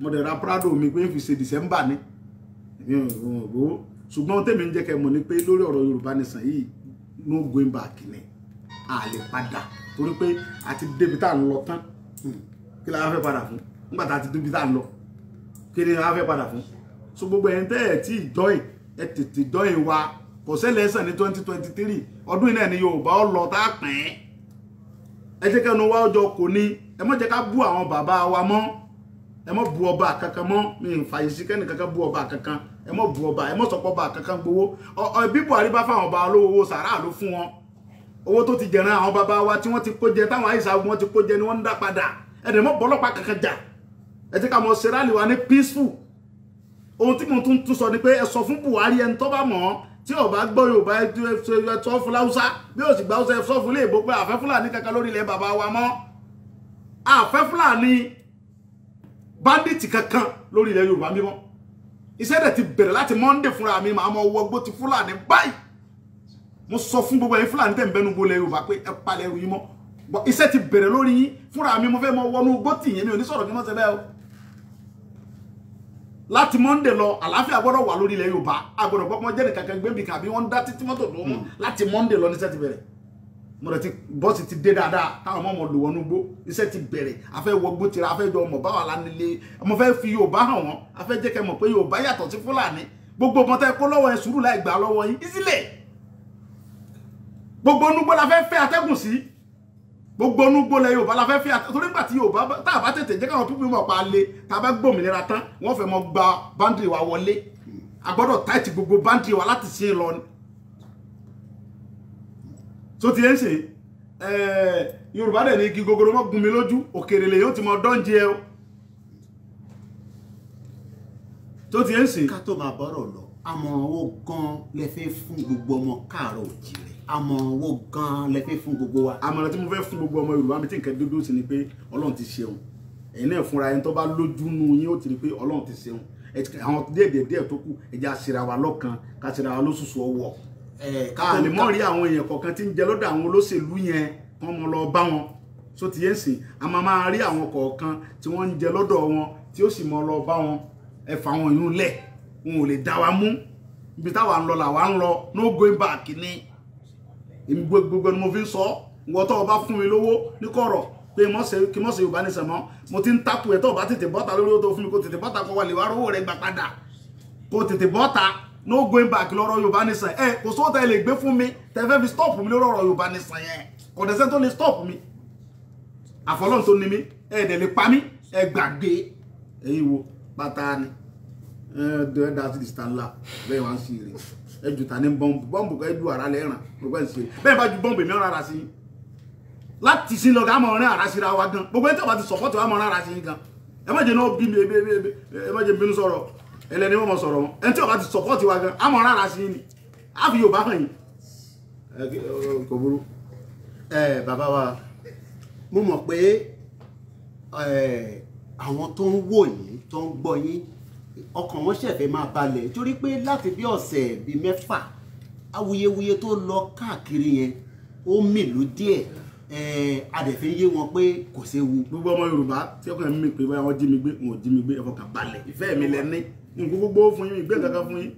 A: mo dẹ̀ ra Prado mi pé n fi ṣe December ni mi ò rò ó ṣùgbọ́n tèmi ń jẹ́ kẹ́ mọ̀ ni pé lórí ọ̀rọ̀ Yorùbá nìsàn yìí no going back ni a lè padà torí pé a ti débi tá à ń lọ tán hmm. kí la fẹ́ padà fún nígbà tá a ti débi tá à ń lọ kí ni a fẹ́ padà fún so gbogbo ẹ̀yin tẹ́ ẹ̀ tí ì dọ́yìn ẹ tètè dọ́yìn wa kò sẹ́lẹ̀ ẹ̀sán ní twenty twenty three ọdún yìí náà ni Yorùbá ó lọ tá a pín ẹ jẹ́ kẹ́nu wá ọjọ́ kò ní ẹ má jẹ́ ká bú àwọn bàbá wa mọ́ ẹ má bu ọba kankan mọ́ mi ò fàyè sí kẹ́ni kankan bu ọba kankan ẹ má bu ọba ẹ má sọpọ̀ ọba kankan gbowó bí Buhari bá fáwọn ọba olówó owó sàrà ló fún wọn owó tó ti jẹran àwọn bàbá wa tí wọ́n ti kó jẹ táwọn àyíṣà wọn ti kó jẹ ni wọ́n ń dá padà ẹ dẹ̀ mọ́ bọ́lọ́pàá kankan jà ẹ jẹ́ ká mọ̀ ṣe rálì wa ní peaceful ohun tí mo tún sọ ni pé ẹ sọ fún Buhari ẹni tó bá mọ̀ ọ́ tí o bá gbọ́ yorùbá ẹ sọ fún láwùsá bí o sì gba ọsẹ sọ fún léèbó pé àfẹ́ fúlàní kankan lórí ilẹ̀ bàbá wa mọ́ àfẹ́ fúlàní báńdíìtì kankan lórí ilẹ̀ yorùbá mímọ́ iṣẹ́ rẹ̀ ti bẹ̀rẹ̀ láti monday fúnra mi màá mọ wọgbó ti fúlàní báyìí mo sọ fún gbogbo ẹ̀yin fúlàní tẹ̀ ń bẹnu gbolẹ̀ yorùbá pé ẹ palẹ̀ ẹrù yín mọ́ iṣẹ́ ti bẹ̀rẹ̀ lórí yín fúnra mi mo fẹ́ mọ wọnú gbó tì yín mi ò ní sọ̀rọ̀ kí wọ́n ṣe bẹ́ẹ̀ láti monday lọ àlàáfíà gbọ́dọ̀ wà lórí ilẹ̀ yorùbá agbọ́dọ̀ gbọmọ jẹ nìkan kan gbẹbì kàbí wọn dá títí mọ́tò tó mú hmm. láti monday lọ níṣẹ́ ti bẹ̀rẹ̀ mo rẹ ti bọ́ọ̀sì ti dé dáadáa táwọn ọmọ ọmọ lò wọnú gbó iṣẹ́ ti bẹ̀rẹ̀ afẹ́ wọgbó tira afẹ́ jọ ọmọ báwa lánilé ọmọ fẹ́ fi yorùbá hàn wọ́n afẹ́ jẹ́ kẹ́ mọ̀ pé yorùbá yàtọ̀ sí fúlàní gbogbo ọmọ tẹ́ kó lọ́wọ́ ẹ sùúrù láì gbà lọ́wọ́ yín ìsílẹ̀ gbogbo onúgbó la fẹ́ fẹ́ atẹ́gùn sí gbogbo onúgbó lẹ yorùbá la fẹ́ fi àtẹ torí gbà tí yorùbá tá a bá tètè jẹ́ káwọn pípín mọ̀ pa lé tá a bá gbòmìnira tán wọ́n fẹ́ mọ gba báńdìrì wa wọlé a gbọ́dọ̀ táìtì gbogbo báńdìrì wa láti ṣe lọ ni. tó ti ẹ́ ń ṣe yorùbá dẹ̀ ní igi gogoro mọ́ gun mi lójú òkèrè lè yóò ti mọ dọ́ǹjì ẹ o. tó ti ẹ́ ṣe. ká tó máa bọ́rọ̀ lọ àmọ̀ràn owó gan-an lẹ fẹ́ fún gbogbo ọmọ káàárọ̀ òjì rẹ̀ àmọ̀ràn wo gan-an lẹ fẹ́ fún gbogbo wa. àmọ̀ràn tí mo fẹ́ fún gbogbo ọmọ Yorùbá mi tí nǹkan dúdú sí ni pé Ọlọ́run ti ṣeun ẹ̀yin náà fúnra ẹni tó bá lójú nu yín ó ti rí pé Ọlọ́run ti ṣeun àwọn díẹ̀ díẹ̀ tó kù ẹja ṣera wa lọ́kan ká ṣera wa lóṣooṣù ọwọ́ ká lè mọ̀ rí àwọn èèyàn kọ̀ọ̀kan tí ń jẹ lọ́dọ̀ àwọn olóṣèlú yẹn kán mọ lọ bá wọn só ti yé sìn a máa máa rí àwọn kọ̀ọ̀kan tí wọ́n ń jẹ lọ́dọ̀ wọn tí ó sì mọ lọ bá wọn ẹ fà wọn yún lẹ̀ wọn ò lè dá wa mú ibi táwa ń lọ làwa ń lọ no going back ni èmi gbogbo ni mo fi ń sọ ìwọ tó o bá fún mi lówó ní kọ̀rọ̀ pé kí mọ̀ ṣe yorùbá ní sẹ̀mọ́ mo ti ń takò ẹ̀ tó o bá tètè bọ́ta lórí o tó fún mi kó tètè bọ́ta kó wà lè wá rówó rẹ̀ gbà padà kó tètè bọ́ta no going back lọ́rọ̀ yorùbá ní sàn ẹ̀ kò sóò tẹ́ ẹ lè gbé fún mi tẹ́ fẹ́ fi stop mi lórí ọ̀rọ̀ yorùbá ní sàn yẹn kò dẹ̀ sẹ́ni tó lè stop mi àfọlọ́n tó ni mi ẹ̀ dẹ̀ lè pa mí ẹ̀ gbàgbé ẹ̀yin wo pátá ni ẹ̀ dẹ̀ dá sí ìsìtàn bẹ́ẹ̀ wá ń ṣe rè ẹ jù tani bọ́ǹbù bọ́ǹbù kọ́ ẹ ju ara lẹ́ràn gbogbo ẹ̀ ń ṣe bẹ́ẹ̀ bá ju bọ́ǹbù èmi ọ̀rọ̀ ara sí láti sin lọ́gà àmọ́ ọ̀rẹ́ ara síra wa gan gbogbo ẹ̀ tí a bá ti sọ̀pọ̀tì wa mọ̀ ọ̀rẹ́ ara sí gan ẹ má jẹ́ náà bí mi ẹ má jẹ́ bínú sọ̀rọ̀ ẹlẹ́ni wọ́n mọ̀ sọ̀rọ̀ wọn ẹ̀ tí a bá ti sọ̀pọ̀tì wa gan àmọ́ ọ̀rẹ́ ara sí ni a fi Yorùbá hàn yín kò burú ẹ bàbá wa mo mọ̀ pé àwọn tó ń wò yín tó ń gbọ́ yín ọkàn wọn ṣẹ̀fẹ̀ máa balẹ̀ torí pé láti bí ọ̀sẹ̀ bíi mẹ́fà awuyewuye tó lọ káàkiri yẹn ó mìlú díẹ̀ adẹ̀fẹ́ yé wọn pé kò séwu. gbogbo ọmọ Yorùbá tí ọkàn mi pé wọn jí mi gbé wọn jí mi gbé ẹ fọkàn balẹ̀ ìfẹ́ mi lẹ ní nǹkan gbogbo fún yín ìgbé kankan fún yín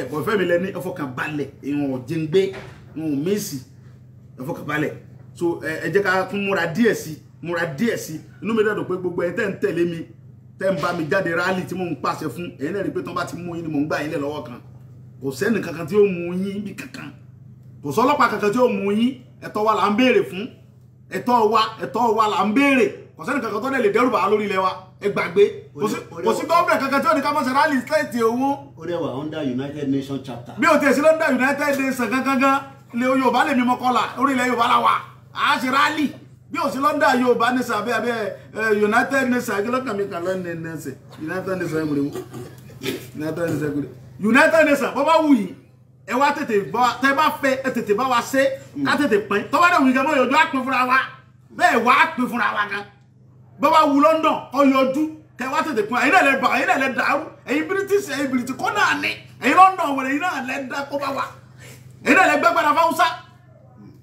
A: ẹ̀kọ́ ìfẹ́ mi lẹ ní ẹ fọkàn balẹ̀ ìwọ̀n jí ń gbé ìwọ̀n mẹ́sì ẹ fọkàn balẹ̀ so ẹ jẹ́ ká tún múra díẹ̀ sí múra díẹ̀ sí inú mi dàdùn pé gbogbo ẹ̀ tẹ́ ń tẹ̀lé mi tẹ́ ń bá mi jáde rálì tí mò ń pàṣẹ fún ẹ̀yin náà rí pé tí wọ́n bá ti mú yín ni mò ń gbà yín lẹ̀ lọ́wọ́ kan kò sẹ́ni kankan tí ó mú yín bí kankan kò sọ́lọ́pàá kankan tí ó mú yín ẹ̀tọ́ wa là ń béèrè fún ẹ̀tọ́ wa ẹ̀tọ́ wa là ń béèrè kò sẹ́ni kankan tó lè dẹ́rù á lórí ilẹ̀ wa ẹ gbàgbé kò sí gọ́ọ̀mẹ̀ kankan tí ó ní ká mọ̀ ṣe rálì sẹ́ẹ̀tì owó. ó dẹ̀ under United Nations chapter. bí o tẹ̀ sí under United Nations gangan gangan lè Yorùbá lè mímọ́ kọ́là orílẹ̀ Yorùbá la wà á bí o sí lọ́ndà yorùbá ní sàbí abẹ́ united nation akílọ́kàn mi kà lọ́ndà nation united nation ẹ̀ múlẹ̀ wò united nation ẹ̀ múlẹ̀ united nation bọ́ bá wù yìí ẹ wá tètè bá tẹ bá fẹ́ ẹ tètè bá wa ṣe hmm. ká tètè pín tọ́wọ́ dẹ̀ wùyí gẹ́gẹ́ yọjú àpín fúnra wa bẹ́ẹ̀ wá àpín fúnra wa gan bọ́ bá wù london ọyọjú kẹ wá tètè pín ẹ̀yin náà lẹ bà ẹ̀yin náà lẹ dàrú ẹ̀yin british ẹ̀yin british kọ́ náà ní ẹ̀yin london wẹ̀rẹ̀ ẹ̀yin náà lẹ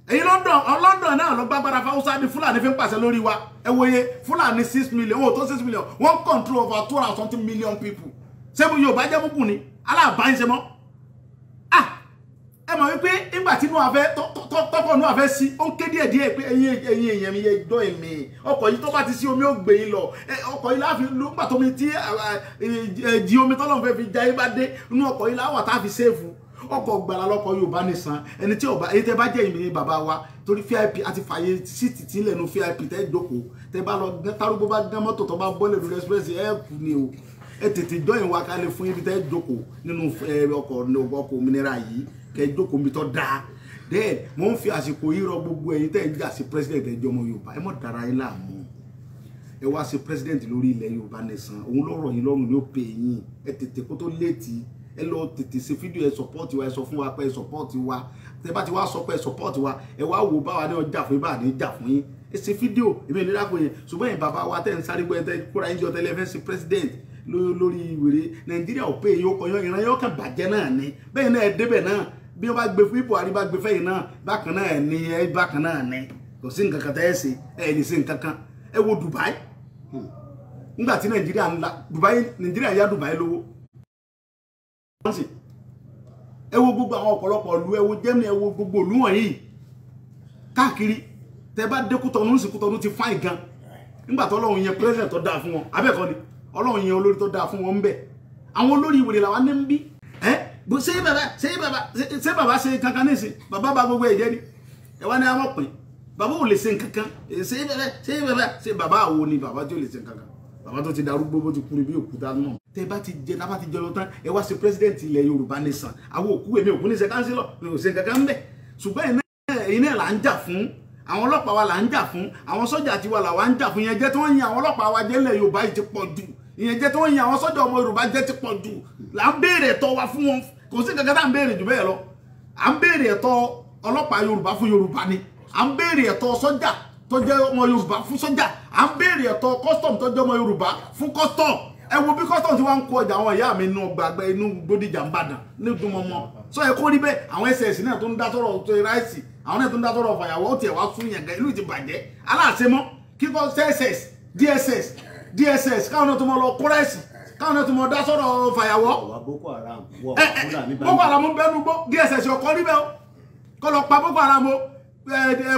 A: èyí London London náà ló gbàgbára fáwọsá ní Fúlàní fi ń pàṣẹ lórí wa ẹ wòye Fúlàní six million owó tó six million one control over two hundred something million people ṣé mo Yorùbá jẹ́ búkú ni aláàbá ń ṣe mọ́ ah ẹ mọ̀ wípé nígbà tí inú afẹ́ tọ́pọ̀ inú afẹ́ sí ó ń ké díẹ̀ díẹ̀ pé ẹ̀yin ẹ̀yin èèyàn mi yẹ gbọ́ èmi ọkọ̀ yìí tó bá ti sí omi ó gbé yín lọ ọkọ̀ yìí láàfin nígbà tó mi tí di omi tọ́lọ́ fẹ́ fi jayé bá dé inú ọkọ̀ yìí láwà tá a fi ṣéèfù ọkọ̀ gbàlà lọ́kọ̀ yorùbá nìsan ẹni tí ọba èyí tẹ bá jẹ́ ìmìnira bàbá wa torí vip àti fàyè síìtì tí lẹ́nu vip tẹ́ jókòó tẹ bá lọ gán tarúgbó bá gán mọ́tò tó bá bọ́lẹ̀ lórí express ẹ kù ni o ẹ tètè dọ́yìn wa ká lè fún ibi tẹ́ jókòó nínú ọkọ̀ ọkọ̀ òmìnira yìí kẹ́ jókòó mi tọ́ dáa dẹ́ẹ̀ mò ń fi àsìkò yìí rọ gbogbo ẹ̀yin tẹ́ ń jà sí president ẹ̀jọ̀ ọmọ yorùbá ẹ mọ̀ dára yín láàmú ẹ wá sí president lórí ilẹ̀ yorùbá nìsan òun lọ́rọ̀ yìí lọ́rùn ló pè yín ẹ tètè kó tó ẹ lọ tètè ṣe fídíò ẹ support wa ẹ sọ fún wa pé ẹ support wa tẹ bá ti wá sọ pé ẹ support wa ẹ wá wò báwa ní ọjà fún ibà ní ìjà fún yín ẹ ṣe fídíò èmi ìnira kò yẹn ṣùgbọ́n ẹ̀yin bàbá wa tẹ̀ ń sáré gbọ́ ẹ tẹ́ kóra yín jọ tẹ́lẹ̀ fẹ́ sí president lórí ìwèrè nàìjíríà ò pé yóò kọyọ ìran yóò kàn bàjẹ́ náà ni bẹ́ẹ̀ náà ẹ débẹ̀ náà bí wọ́n bá gbé fún ipò àríwá gbé fẹ́yìn náà bákan náà ni ẹ bákan náà ni kò sí nǹkan kan tẹ́ ẹ ṣe ẹ ní sí nǹkan kan ẹ wo Dubai hmm. nígbà tí nàìjíríà ń Dubai nàìjíríà ṣe ẹ wo gbogbo àwọn ọ̀pọ̀lọpọ̀ ìlú ẹ wo Germany ẹ wo gbogbo ìlú wọ̀nyí káàkiri tẹ bá dé Kútọ̀nù sí Kútọ̀nù ti fáìn gan nígbà tó ọlọ́run yẹn president tó dáa fún wọn abẹ́ẹ̀kọ́ ni ọlọ́run yẹn olórí tó dáa fún wọn ń bẹ̀ àwọn olórí ìwèrè làwọn ní ń bí ẹ ṣé bàbá ṣé bàbá ṣé bàbá ṣe kankan ní ìsìn bàbá bá gbogbo ẹ̀jẹ̀ ni ẹ wá ní àwọn pín bàbá ò lè ṣe nǹkankan ṣé bàbá ṣé bàbá ṣé bàbá àwo ni bàbá tó lè ṣe nǹkankan bàbá tó ti darúgbó bó ti kú ni bí òkúta náà tẹ bá ti jẹ tábà ti jẹ lọ tán ẹ wá sí pírẹsidẹǹtì ilẹ̀ Yorùbá nation àwọn òkú èmi òkú ní ṣe kánsílọ mi ò ṣe kankan ń bẹ ṣùgbọ́n ẹ̀yin náà là ń jà fún àwọn ọlọ́pàá wa là ń jà fún àwọn sọ́jà tiwa là wà ń jà fún ìyẹn jẹ́ tí wọ́n yin àwọn ọlọ́pàá wa jẹ ilẹ̀ Yorùbá yìí ti pọ̀ jù ìyẹn jẹ́ tí wọ́n yin àwọn sọ́jà ọmọ Yorùbá jẹ ti pọ̀ jù là ń béèrè ẹ̀tọ́ wa fún wọn kò sí kankan tá ń béèrè jù bẹ́ẹ̀ lọ à ń béèrè ẹ̀tọ́ ọlọ́pàá Yorùbá fún Yorùbá ni à ń béèrè ẹ̀tọ́ sọ́jà tó jẹ́ ọmọ Yorùbá fún sọ́jà à ń béèrè ẹ̀tọ́ custom tó jẹ́ ọmọ Yorùbá fún custom ẹ wo bí custom ti wá ń kó ọjà àwọn ìyá mi inú gbàgbẹ́ inú Bódìjà ńbàdàn ní ìdúnmọ́mọ́ sọ ẹ kó rí bẹ́ẹ̀ àwọn ss náà tó ń dá sọ̀rọ̀ tó ráìsì àwọn náà tó ń dá sọ̀rọ̀ fàyàwọ́ ó tiẹ̀ wá fún yẹn gan ìlú ti bàjẹ́ aláàṣemọ́ kíkọ́ ss dss dss káwọn náà tó mọ lọ kó ráìsì káwọn náà tó mọ dá sọ̀rọ̀ fàyàwọ́. boko haram ń bẹnu gbó dss ọkọ níbẹ̀ o kọ́ lọ pa boko haram o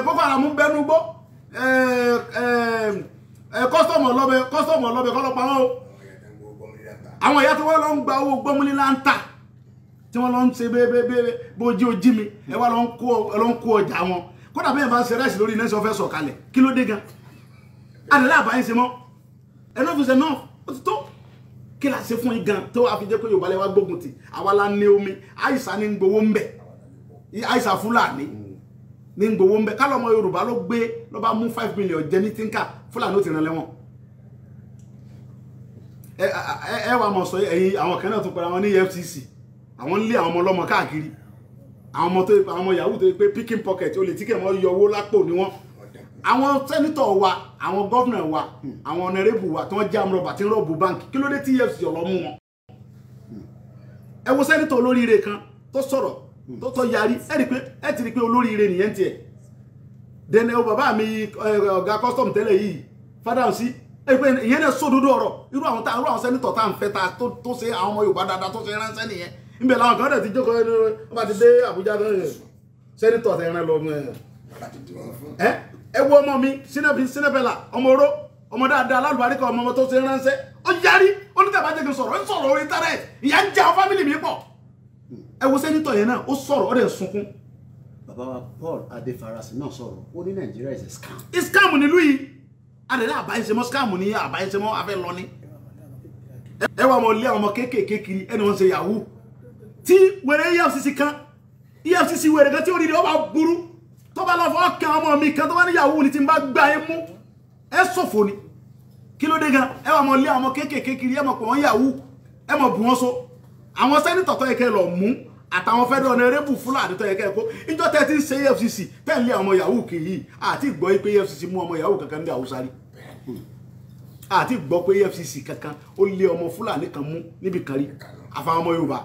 A: boko haram ń bẹnu gbó kọ́sọ̀mù ọlọ́bẹ kọ́sọ̀mù ọlọ́bẹ kọ́ lọ pa wọn o àwọn ìyá tó wá lọ ń gba owó gbọ́múlé láńtà tí wọ́n lọ ń ṣe bébébé bójú ojí mi ẹ wá lọ ń kó ọjà wọn kódà bẹ́ẹ̀ bá ń ṣe rẹ́sì lórí iná ìṣọ́fẹ́ sọ̀kalẹ̀ kí ló dé gan adàlẹ́ àbáyé ṣe mọ́ enough is enough ó ti tó kí la ṣe fún yín gan tó wàá fi jẹ́ pé Yorùbá lẹ́wà gbógun tì àwa la ní omi àìsàn ní gbowó ń bẹ̀ àìsàn Fúlàní ní gbowó ń bẹ̀ kálọ̀ ọmọ Yorùbá ló gbé ló bá mú five million jẹ ní tínká Fúlàní ó ti rìn lẹ́wọ̀n ẹ wàá mọ̀ sọ ẹ̀yin àwọn kan náà tún pẹ̀lú àwọn ní EFCC àwọn ń lé àwọn ọmọ ọlọ́mọ káàkiri àwọn ọmọ tó àwọn ọmọ yahoo tó pé picking pocket olè tí kẹ̀mọ́ yọ owó lápò ni wọ́n àwọn sẹ́nitọ̀ wa àwọn gọ́vnà wa àwọn ọ̀nẹ́rẹ́bù wa tí wọ́n jẹ́ amúrọ̀bà tí ń rọ̀bù báńkì kí ló dé tí EFCC ọ̀lọ́ mú wọn. ẹ wo sẹ́nitọ̀ olóríire kan tó sọ̀rọ̀ tó tó yarí ẹ rí pé ẹ ti rí pé olóríire nìyẹn tiẹ̀ dẹ̀nẹ̀ o bàbá mi ọ̀gá custom tẹ́lẹ̀ yìí fádà sí ìyẹn náà sódodo ọ̀rọ̀ irú àwọn tá irú àwọn sẹ́nitọ̀ tá à ń fẹ́ ta tó ṣe àwọn ọmọ Yorùbá dáadáa tó ṣe ránṣẹ́ nìyẹn níbẹ̀ làwọn kan náà ti jókòó ẹni wọ́n bá ti dé Àbújá sẹ́nitọ̀ tẹ̀ ẹran lọ ẹ ẹ wo ọmọ mi sinabi sinabela ọmọ oró ọmọ dáadáa lálùbáríkà ọmọ ọmọ tó ṣe ránṣẹ́ ó yarí ó ní tẹ̀ bá jẹ́ kí n sọ̀rọ̀ ń sọ̀rọ̀ orí tẹ́rẹ̀ ìyá ń jẹ́ àwọn fámìlì mi pọ̀ ẹ wo sẹ́nitọ̀ yẹn náà ó sọ̀rọ̀ ó dẹ̀ sunkún bàbá wa Paul Adefarasi náà sọ̀rọ̀ ó ní Nàìjíríà is a scam. is scam nílùú yìí àdẹ̀dẹ̀ àbáyẹsẹmọ scam ní àbáyẹsẹmọ afẹ́ lọ ní ẹ wà mọ lé àwọn ọmọ kéékèèké kiri ẹni wọn ṣe yahoo tí wèrè EFCC kan EFCC wèrè kan tí oríire ọba burú tó bá lọ fọ ọkàn ọmọ mi kan tó bá ní yahoo ni tí n bá gbà ẹ mú ẹ ṣòfò ni kí ló gan ẹ mọ lé ọmọ kéékèèké kiri ẹ pọ wọn yahoo ẹ mọ wọn so àwọn sẹ́nitọ̀ tó yẹ kẹ́ lọ mú àtàwọn federal honorable fúlàní tó yẹ kẹ́ ẹ kó ìjọ tẹ́ ti ń ṣe efcc tẹ́lẹ̀ àwọn ọmọ yahoo kì í àti gbọ́ pé efcc mú ọmọ yahoo kankan ní haúsá rí àti gbọ́ pé efcc kankan ó lé ọmọ fúlàní kan mú níbi kan rí àfàwọn ọmọ yorùbá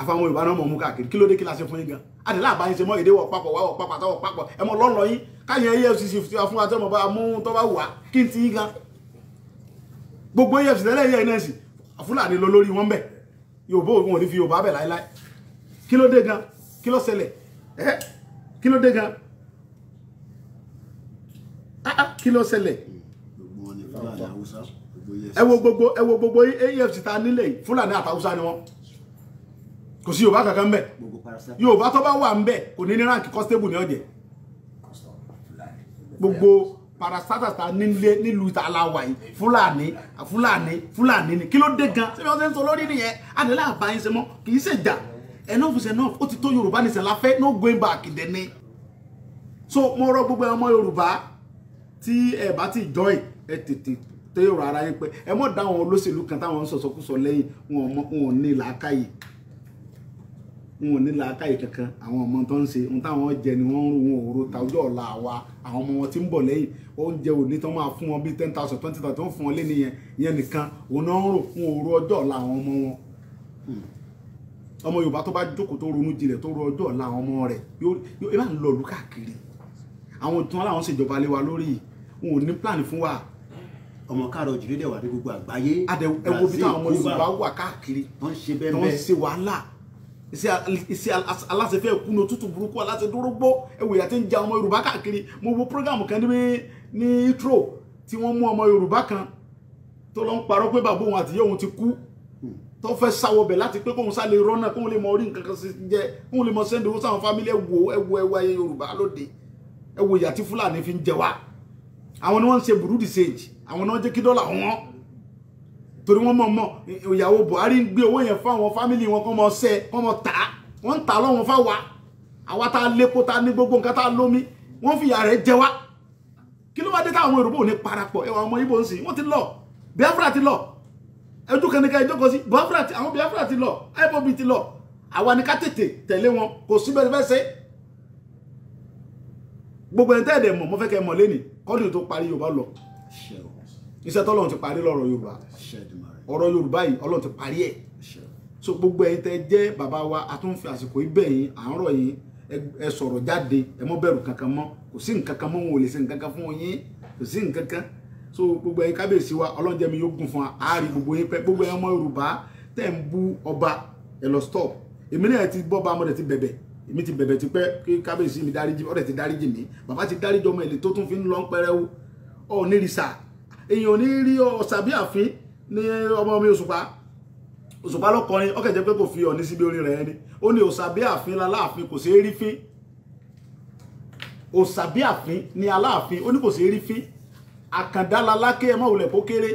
A: àfàwọn yorùbá náà mọ̀ mú káàkiri kí ló dé kí la ṣe fún yín gan àdìlá àbáyín ṣe mọ́ èdè wọ̀ papọ̀ wà wọ̀ papọ̀ àtàwọ̀ papọ̀ ẹ mọ lọ́nà yín káyọ̀ efcc fi wa fún wa tẹ́ mọ̀ bá mú tọ́ bá wà kí n ti yín gan gbogbo efcc tẹ́lẹ̀ yẹn náà sì fúlàní lọ lórí wọn bẹ́ẹ̀ yorùbá òun ò ní fi yorùbá bẹ̀ láíláí kí ló dé gan kí ló ṣẹlẹ̀ ẹ kí ló dé gan ah, ah, kí ló ṣẹlẹ̀ ẹ wo gbogbo ẹ wo gbogbo AFC ta nílẹ̀ yìí fúlàní àtàwùsá ni wọn kò sí yorùbá kankan mbẹ yorùbá tó bá wà mbẹ kò ní ní ránkì constable ní ọjẹ gbogbo parastatus ta nílé nílùú ta la wà yìí fúlàní fúlàní fúlàní ni kí ló dé gan ṣé bí wọ́n ṣe ń sọ lórí nìyẹn àdéhùn àbáyé ṣe mọ́ kì í ṣèjà enough is enough ó ti tó yorùbá nìṣẹ́ la fẹ́ no going back dẹ̀ ni so mo rọ gbogbo ọmọ yorùbá tí ẹ bá ti join ẹ tètè tẹ yorùbá ara yín pé ẹ mọ̀ dá àwọn olóṣèlú kan táwọn ń sọ̀sọ́kùsọ lẹ́yìn wọn ò ní làákàyè wọn ò ní làákàyè kankan àwọn ọmọ tó ń ṣe ohun táwọn jẹ ni wọn ń ru wọn òru ta ojú ọ̀la wa àwọn ọmọ wọn ti ń bọ̀ lẹ́yìn oúnjẹ òní tó máa fún wọn bíi ten thousand twenty thousand tó ń fún wọn lé nìyẹn yẹn nìkan òun náà ń rò fún òru ọjọ́ ọ̀la àwọn ọmọ wọn hmm. ọmọ Yorùbá tó bá jókòó tó ronú jinlẹ̀ tó ro ọjọ́ ọ̀la àwọn ọmọ rẹ̀ yóò bá ń lọ lù káàkiri àwọn tí wọn làwọn ṣèjọba lé wa lórí wọn ò ní plan fún wa ọmọ káàrọ̀ jùlọ dẹ̀ wà ní gbogbo àgbáyé. adẹ ẹwo bí táwọn ọmọ Yorùbá wà káàkiri tó ń ṣe wàhálà ìṣe aláṣẹfẹ́ ìkùnà tútù burúkú aláṣẹdúrógbó ẹwò ìyá tí ń ja ọmọ yorùbá káàkiri mo wo program kan ní itro tí wọ́n mú ọmọ yorùbá kan tó lọ ń parọ́ pé bàbá òun àtìyá òun ti kú hmm. tó fẹ́ sáwọ bẹ̀ láti pé kóun sálẹ̀ rọ́nà kóun lè mọ orí nǹkan kan sí jẹ kóun lè mọ sẹ́ndì owó sáwọn fámílì ẹwò ẹwò ẹwò ayé yorùbá lóde ẹwò ìyá tí fúlàní fi ń jẹ wá àwọn ni wọ́n ń ṣe burú di sèǹjì àwọn ni wọ́n jẹ́ kí dọ́là wọn torí wọ́n mọ̀ mọ̀ ìyàwó Buhari ń gbé owó yẹn fún àwọn fámìlì wọn kọ́ mọ ṣẹ́ kọ́ mọ tà á wọ́n ń tà á lọ́wọ́n fáwa àwa tá a lépo tá a ní gbogbo nǹkan tá a lómi wọ́n fi ìyà rẹ̀ jẹ wá kí ló wá dé táwọn Yorùbá ò ní parapọ̀ ẹwà ọmọ Ìgbò ń sìn wọ́n ti lọ Biafra ti lọ ẹjú kẹnikẹ ìjókòó sí Biafra ti àwọn Biafra ti lọ IPOB ti lọ àwa ni ká tètè tẹ̀lé wọn kò síbẹ̀ fẹ́ sẹ́ gbogbo ẹni tẹ́ẹ̀dẹ̀ mọ̀ mo fẹ́ kẹ́ mọ̀ lẹ́nìí kọ́dù tó parí Yorùbá lọ iṣẹ́ tọ́lọ́run ti parí lọ́rọ̀ yorùbá ọ̀rọ̀ yorùbá yìí ọlọ́run ti parí ẹ̀ so gbogbo ẹ̀yin tẹ́ jẹ́ bàbá wa a tún fi àsìkò ibẹ̀ yín à ń rọ̀ yín ẹ sọ̀rọ̀ jáde ẹ mọ́ bẹ̀rù kankan mọ́ kò sí nǹkan mọ́ wọn ò lè ṣe nǹkan fún yín kò sí nǹkan so gbogbo ẹ̀yin kábíyèsí wa ọlọ́run jẹ́ mi yóò gùn fún wa a rí gbogbo yín pẹ́ gbogbo ẹ̀yin ọmọ yorùbá tẹ́ ń bú ọba ẹ lọ stop èmi náà ti bọ́ ba mo dẹ̀ ti bẹ̀bẹ̀ èmi ti bẹ̀bẹ̀ tipẹ́ kí kábíyèsí mi dáríjì ọ̀dẹ̀ ti dáríjì mi bàbá ti dáríjì ọmọ èlé tó tún fi ń lọ pẹrẹwu ọ̀ ní èèyàn ò ní rí ọ̀sàbí àfin ní ọmọ mi òṣùpá òṣùpá lọ́kọrin ọkẹ̀ jẹ́ pé kò fi ọ̀ní síbi orin rẹ̀ ni ó ní òṣàbí àfin láláàfin kò ṣeé rí fín òṣàbí àfin ní aláàfin ó ní kò ṣeé rí fín àkàndá lalákè ẹ mọ̀ wulẹ̀ kó kéré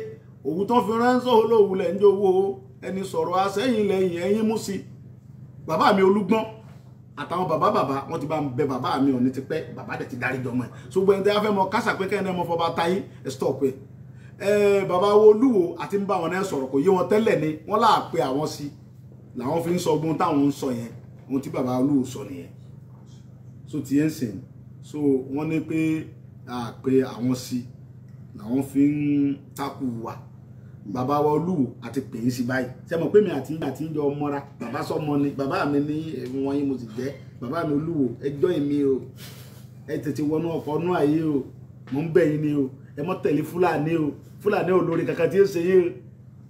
A: òwú tán fi ránṣọ́ olówulẹ̀ ń jẹ́ owó ẹni sọ̀rọ̀ asẹ́yìn lẹ́yìn ẹ̀yìn mú sí bàbá mi olúgbọ́n àtàwọn bàbá bàbá wọn ti bá ń bẹ bàbá mi Ọọ̀ni ti pẹ́ bàbá dẹ̀ ti dárí jọmọ ẹ̀ ṣùgbọ́n ẹni tẹ́ fẹ́ mọ kásà pé kẹ́hìn náà mọ fọba táyé ẹ̀ stop ẹ̀ bàbá wo olúwo àti ń bá wọn náà sọ̀rọ̀ kò yé wọn ni wọ́n láà pe àwọn sí làwọn fi ń sọ ogun táwọn ń sọ yẹn ohun tí bàbá olúwo sọ nìyẹn so ti yẹn sìn so wọ́n ní pé àpè àwọn sí làwọn fi ń takù wa bàbá wa olúwo àti pè é sí báyìí ṣe mọ̀ pé mi àti àti ń jọ mọ́ra bàbá sọmọ ni bàbá mi ní ẹ̀wọ̀n yìí mo sì jẹ́ bàbá mi olúwo ẹjọ́ èmi o ẹ tètè wọnú ọkọ̀ ọ̀nú àyè o mò ń bẹ̀ yín ni o ẹ mọ́ tẹ̀lé fúlàní o fúlàní ò lórí kankan tí ó ṣe yín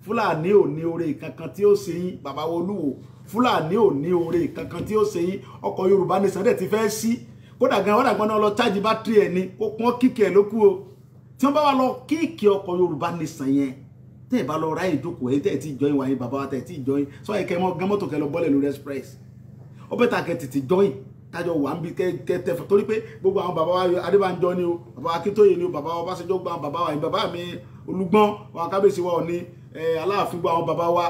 A: fúlàní ò ní oore kankan tí ó ṣe yín bàbá olúwo fúlàní ò ní oore kankan tí ó ṣe yín ọkọ̀ yorùbá nation dẹ̀ ti fẹ́ sí kódà gan wọ́n dàgbọ́n náà lọ chájì bátìrì ẹ̀ ni kó pọ́n kíkì ẹ̀ ló kú o tí wọ́n bá wà lọ kíkì ọkọ̀ yorùbá nation yẹn tẹ́ ẹ̀ bá lọ ráyè jókòó ẹ̀ tẹ́ ẹ̀ tí ì jọyìn wáyé bàbá wa tẹ́ ẹ̀ tí jọyìn sọ ẹ̀ kẹ́ mọ́ gan kẹ́ lọ bọ́lẹ̀ lórí express ọbẹ̀ tà tètè jọyìn tájọ wà ń bi kẹ tẹfẹ torí pé gbogbo àwọn bàbá wa Adébánjọ ni o bàbá wa Akíntóyè ni o bàbá wa Ọbásanjọ́ gba bàbá wa bàbá mi Olúgbọ́n wọn kábíyèsí wa Ọọ̀ni Aláàfin gba àwọn bàbá wa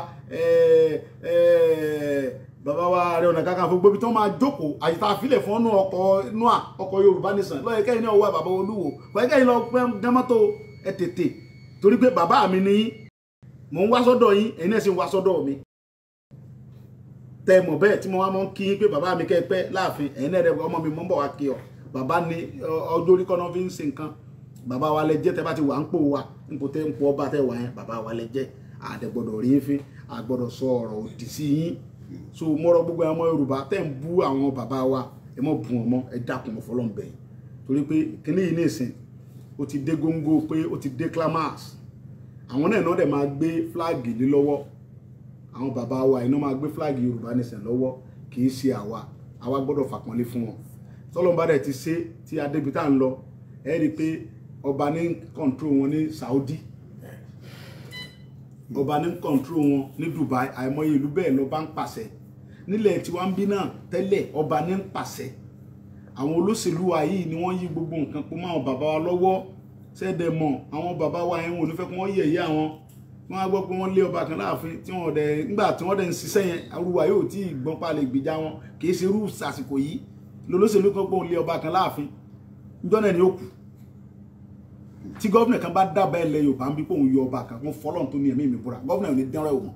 A: bàbá wa Ààrẹ Ọ̀nà Kakanfò gbogbo tó máa jókòó àyíká àfilẹ̀ fún ọ́nù ọkọ̀ nua ọkọ̀ Yorùbá nìsàn lọ́yẹ̀ kẹ́yìn ní ọwọ́ bàbá Olúwo lọ́yẹ̀ kẹ́yìn lọ pẹ́ dámọ́tò ẹ tètè torí pé bàbá mi ni yín mò ń wá sọ́dọ̀ yín ẹ̀yin náà sì ń wá sọ́dọ̀ mi tẹ mọ̀ bẹ́ẹ̀ tí mo wá mọ́ ń kí pé bàbá mi kẹ́ pẹ́ láàfin ẹ̀yin náà rẹ̀ ọmọ mi mọ́ ń bọ̀ wá kí ọ bàbá ni ọjọ́ orí kọ́nà fi ń ṣe nǹkan bàbá wa lẹ jẹ́ tẹ bá ti wà ń pò wa nípò tẹ ń pò ọba tẹ wà yẹn bàbá wa lẹ jẹ́ àdẹ̀gbọ́dọ̀ rí fi àgbọ́dọ̀ sọ ọ̀rọ̀ òdì sí yín so mọ́rọ̀ gbogbo ọmọ Yorùbá tẹ̀ ń bú àwọn bàbá wa ẹ mọ̀ bù wọn mọ́ ẹ dákun mọ́ fọlọ́ǹbẹ̀ torí pé kíní yìí nìsín ó ti dé góńgó pé ó ti dé clamas àwọn náà náà dẹ̀ máa gbé fúláàgì lé àwọn bàbá wa iná máa gbé flag Yorùbá nìsẹ̀ lọ́wọ́ kì í ṣe àwa àwa gbọ́dọ̀ fàpọ́nlé fún wọn tọ́lọ́mbà rẹ̀ ti ṣe tí adébítà ń lọ ẹ rí i pé ọba ní kọ̀ǹtró wọn ní Saudi ọba ní kọ̀ǹtró wọn ní Dubai àìmọye ìlú bẹ́ẹ̀ lọ́ba ń pàṣẹ nílẹ̀ tiwa ń bí náà tẹ́lẹ̀ ọba ní ń pàṣẹ àwọn olóṣèlú wa yìí ni wọ́n yí gbogbo nǹkan pọ̀ mọ́ àwọn bàbá wa lọ́wọ́ ṣẹ́ẹ̀dẹ̀ mọ̀ àwọn bàbá wa yẹn wọn ò ní fẹ́ kí wọ́n yẹ̀yẹ́ àwọn wọ́n á gbọ́ pé wọ́n lé ọba kan láàfin tí wọ́n dẹ̀ nígbà tí wọ́n dẹ̀ ń ṣiṣẹ́ yẹn arúgbó yóò tí ì gbọ́n palẹ̀ ìgbèjà wọn kì í ṣe irú àsìkò yìí lolóṣèlú kan pé òun lé ọba kan láàfin níjọ́ náà ni ó kù tí gọ́vnà kan bá dábàá ilẹ̀ Yorùbá ń bí pé òun yọ ọba kan wọn fọlọ́n tó ní ẹ̀mí mi búra gọ́vnà ò ní dánrẹ́ òun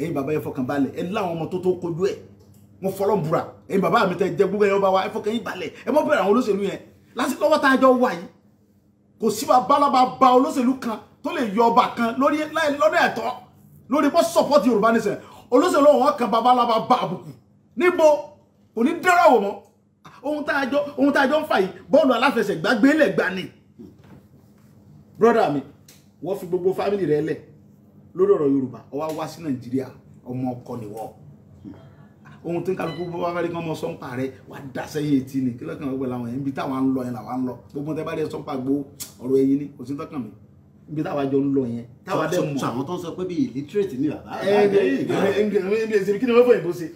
A: ẹ̀yin bàbá yẹn fọkàn balẹ̀ ẹ láwọn ọmọ tó tó kojú ẹ̀ wọn fọlọ́n búra ẹ̀yin bàbá mi tẹ jẹ gbogbo ẹ̀yọ́ bá wa ẹ fọkàn yín balẹ̀ ẹ mọ́ bẹ̀rẹ̀ àwọn olóṣèlú yẹn lásìkò ọwọ́ tá a jọ wà yìí kò sí bàbá lọ́ba ba olóṣèlú kan tó lè yọ ọba kan lórí lọ́dọ̀ ẹ̀tọ́ lórí pọ́ sọ́pọ́tì yorùbá nation olóṣèlú ọ̀hún kan babaláwa bá àbùkù níbo kò ní dẹ́rọ̀ wò mọ́ ohun tá a jọ ohun tá a jọ ń fà yìí bọ́ọ̀lù aláfẹsẹ̀gbá gbélé gbà ni brọ́dà mi wọ́n fi gbogbo fámìlì rẹ lẹ̀ lórí ọ̀rọ̀ yorùbá ó wá wá sí nàìjíríà ọmọ ọkọ nìwọ ohun tí kálukú bá bá rí kán mọ sọ́ńpà rẹ wà dá sẹ́yìn etí ni kí lọ́kàn wọ́n pẹ̀lú àwọn yẹn ibi táwọn ń lọ yẹn làwọn ń lọ gbogbo tẹ́ bá rí sọ́ńpà gbó ọ̀rọ̀ ẹ̀yìn ni kò sí tọ́kàn mi ibi táwa jọ ń lọ yẹn. táwa dẹ̀ mọ̀ àwọn tó ń sọ pé bí illiterate ni bàbá. ẹ ẹ ẹ ẹ kí ni wọ́n fọ ìbò ṣe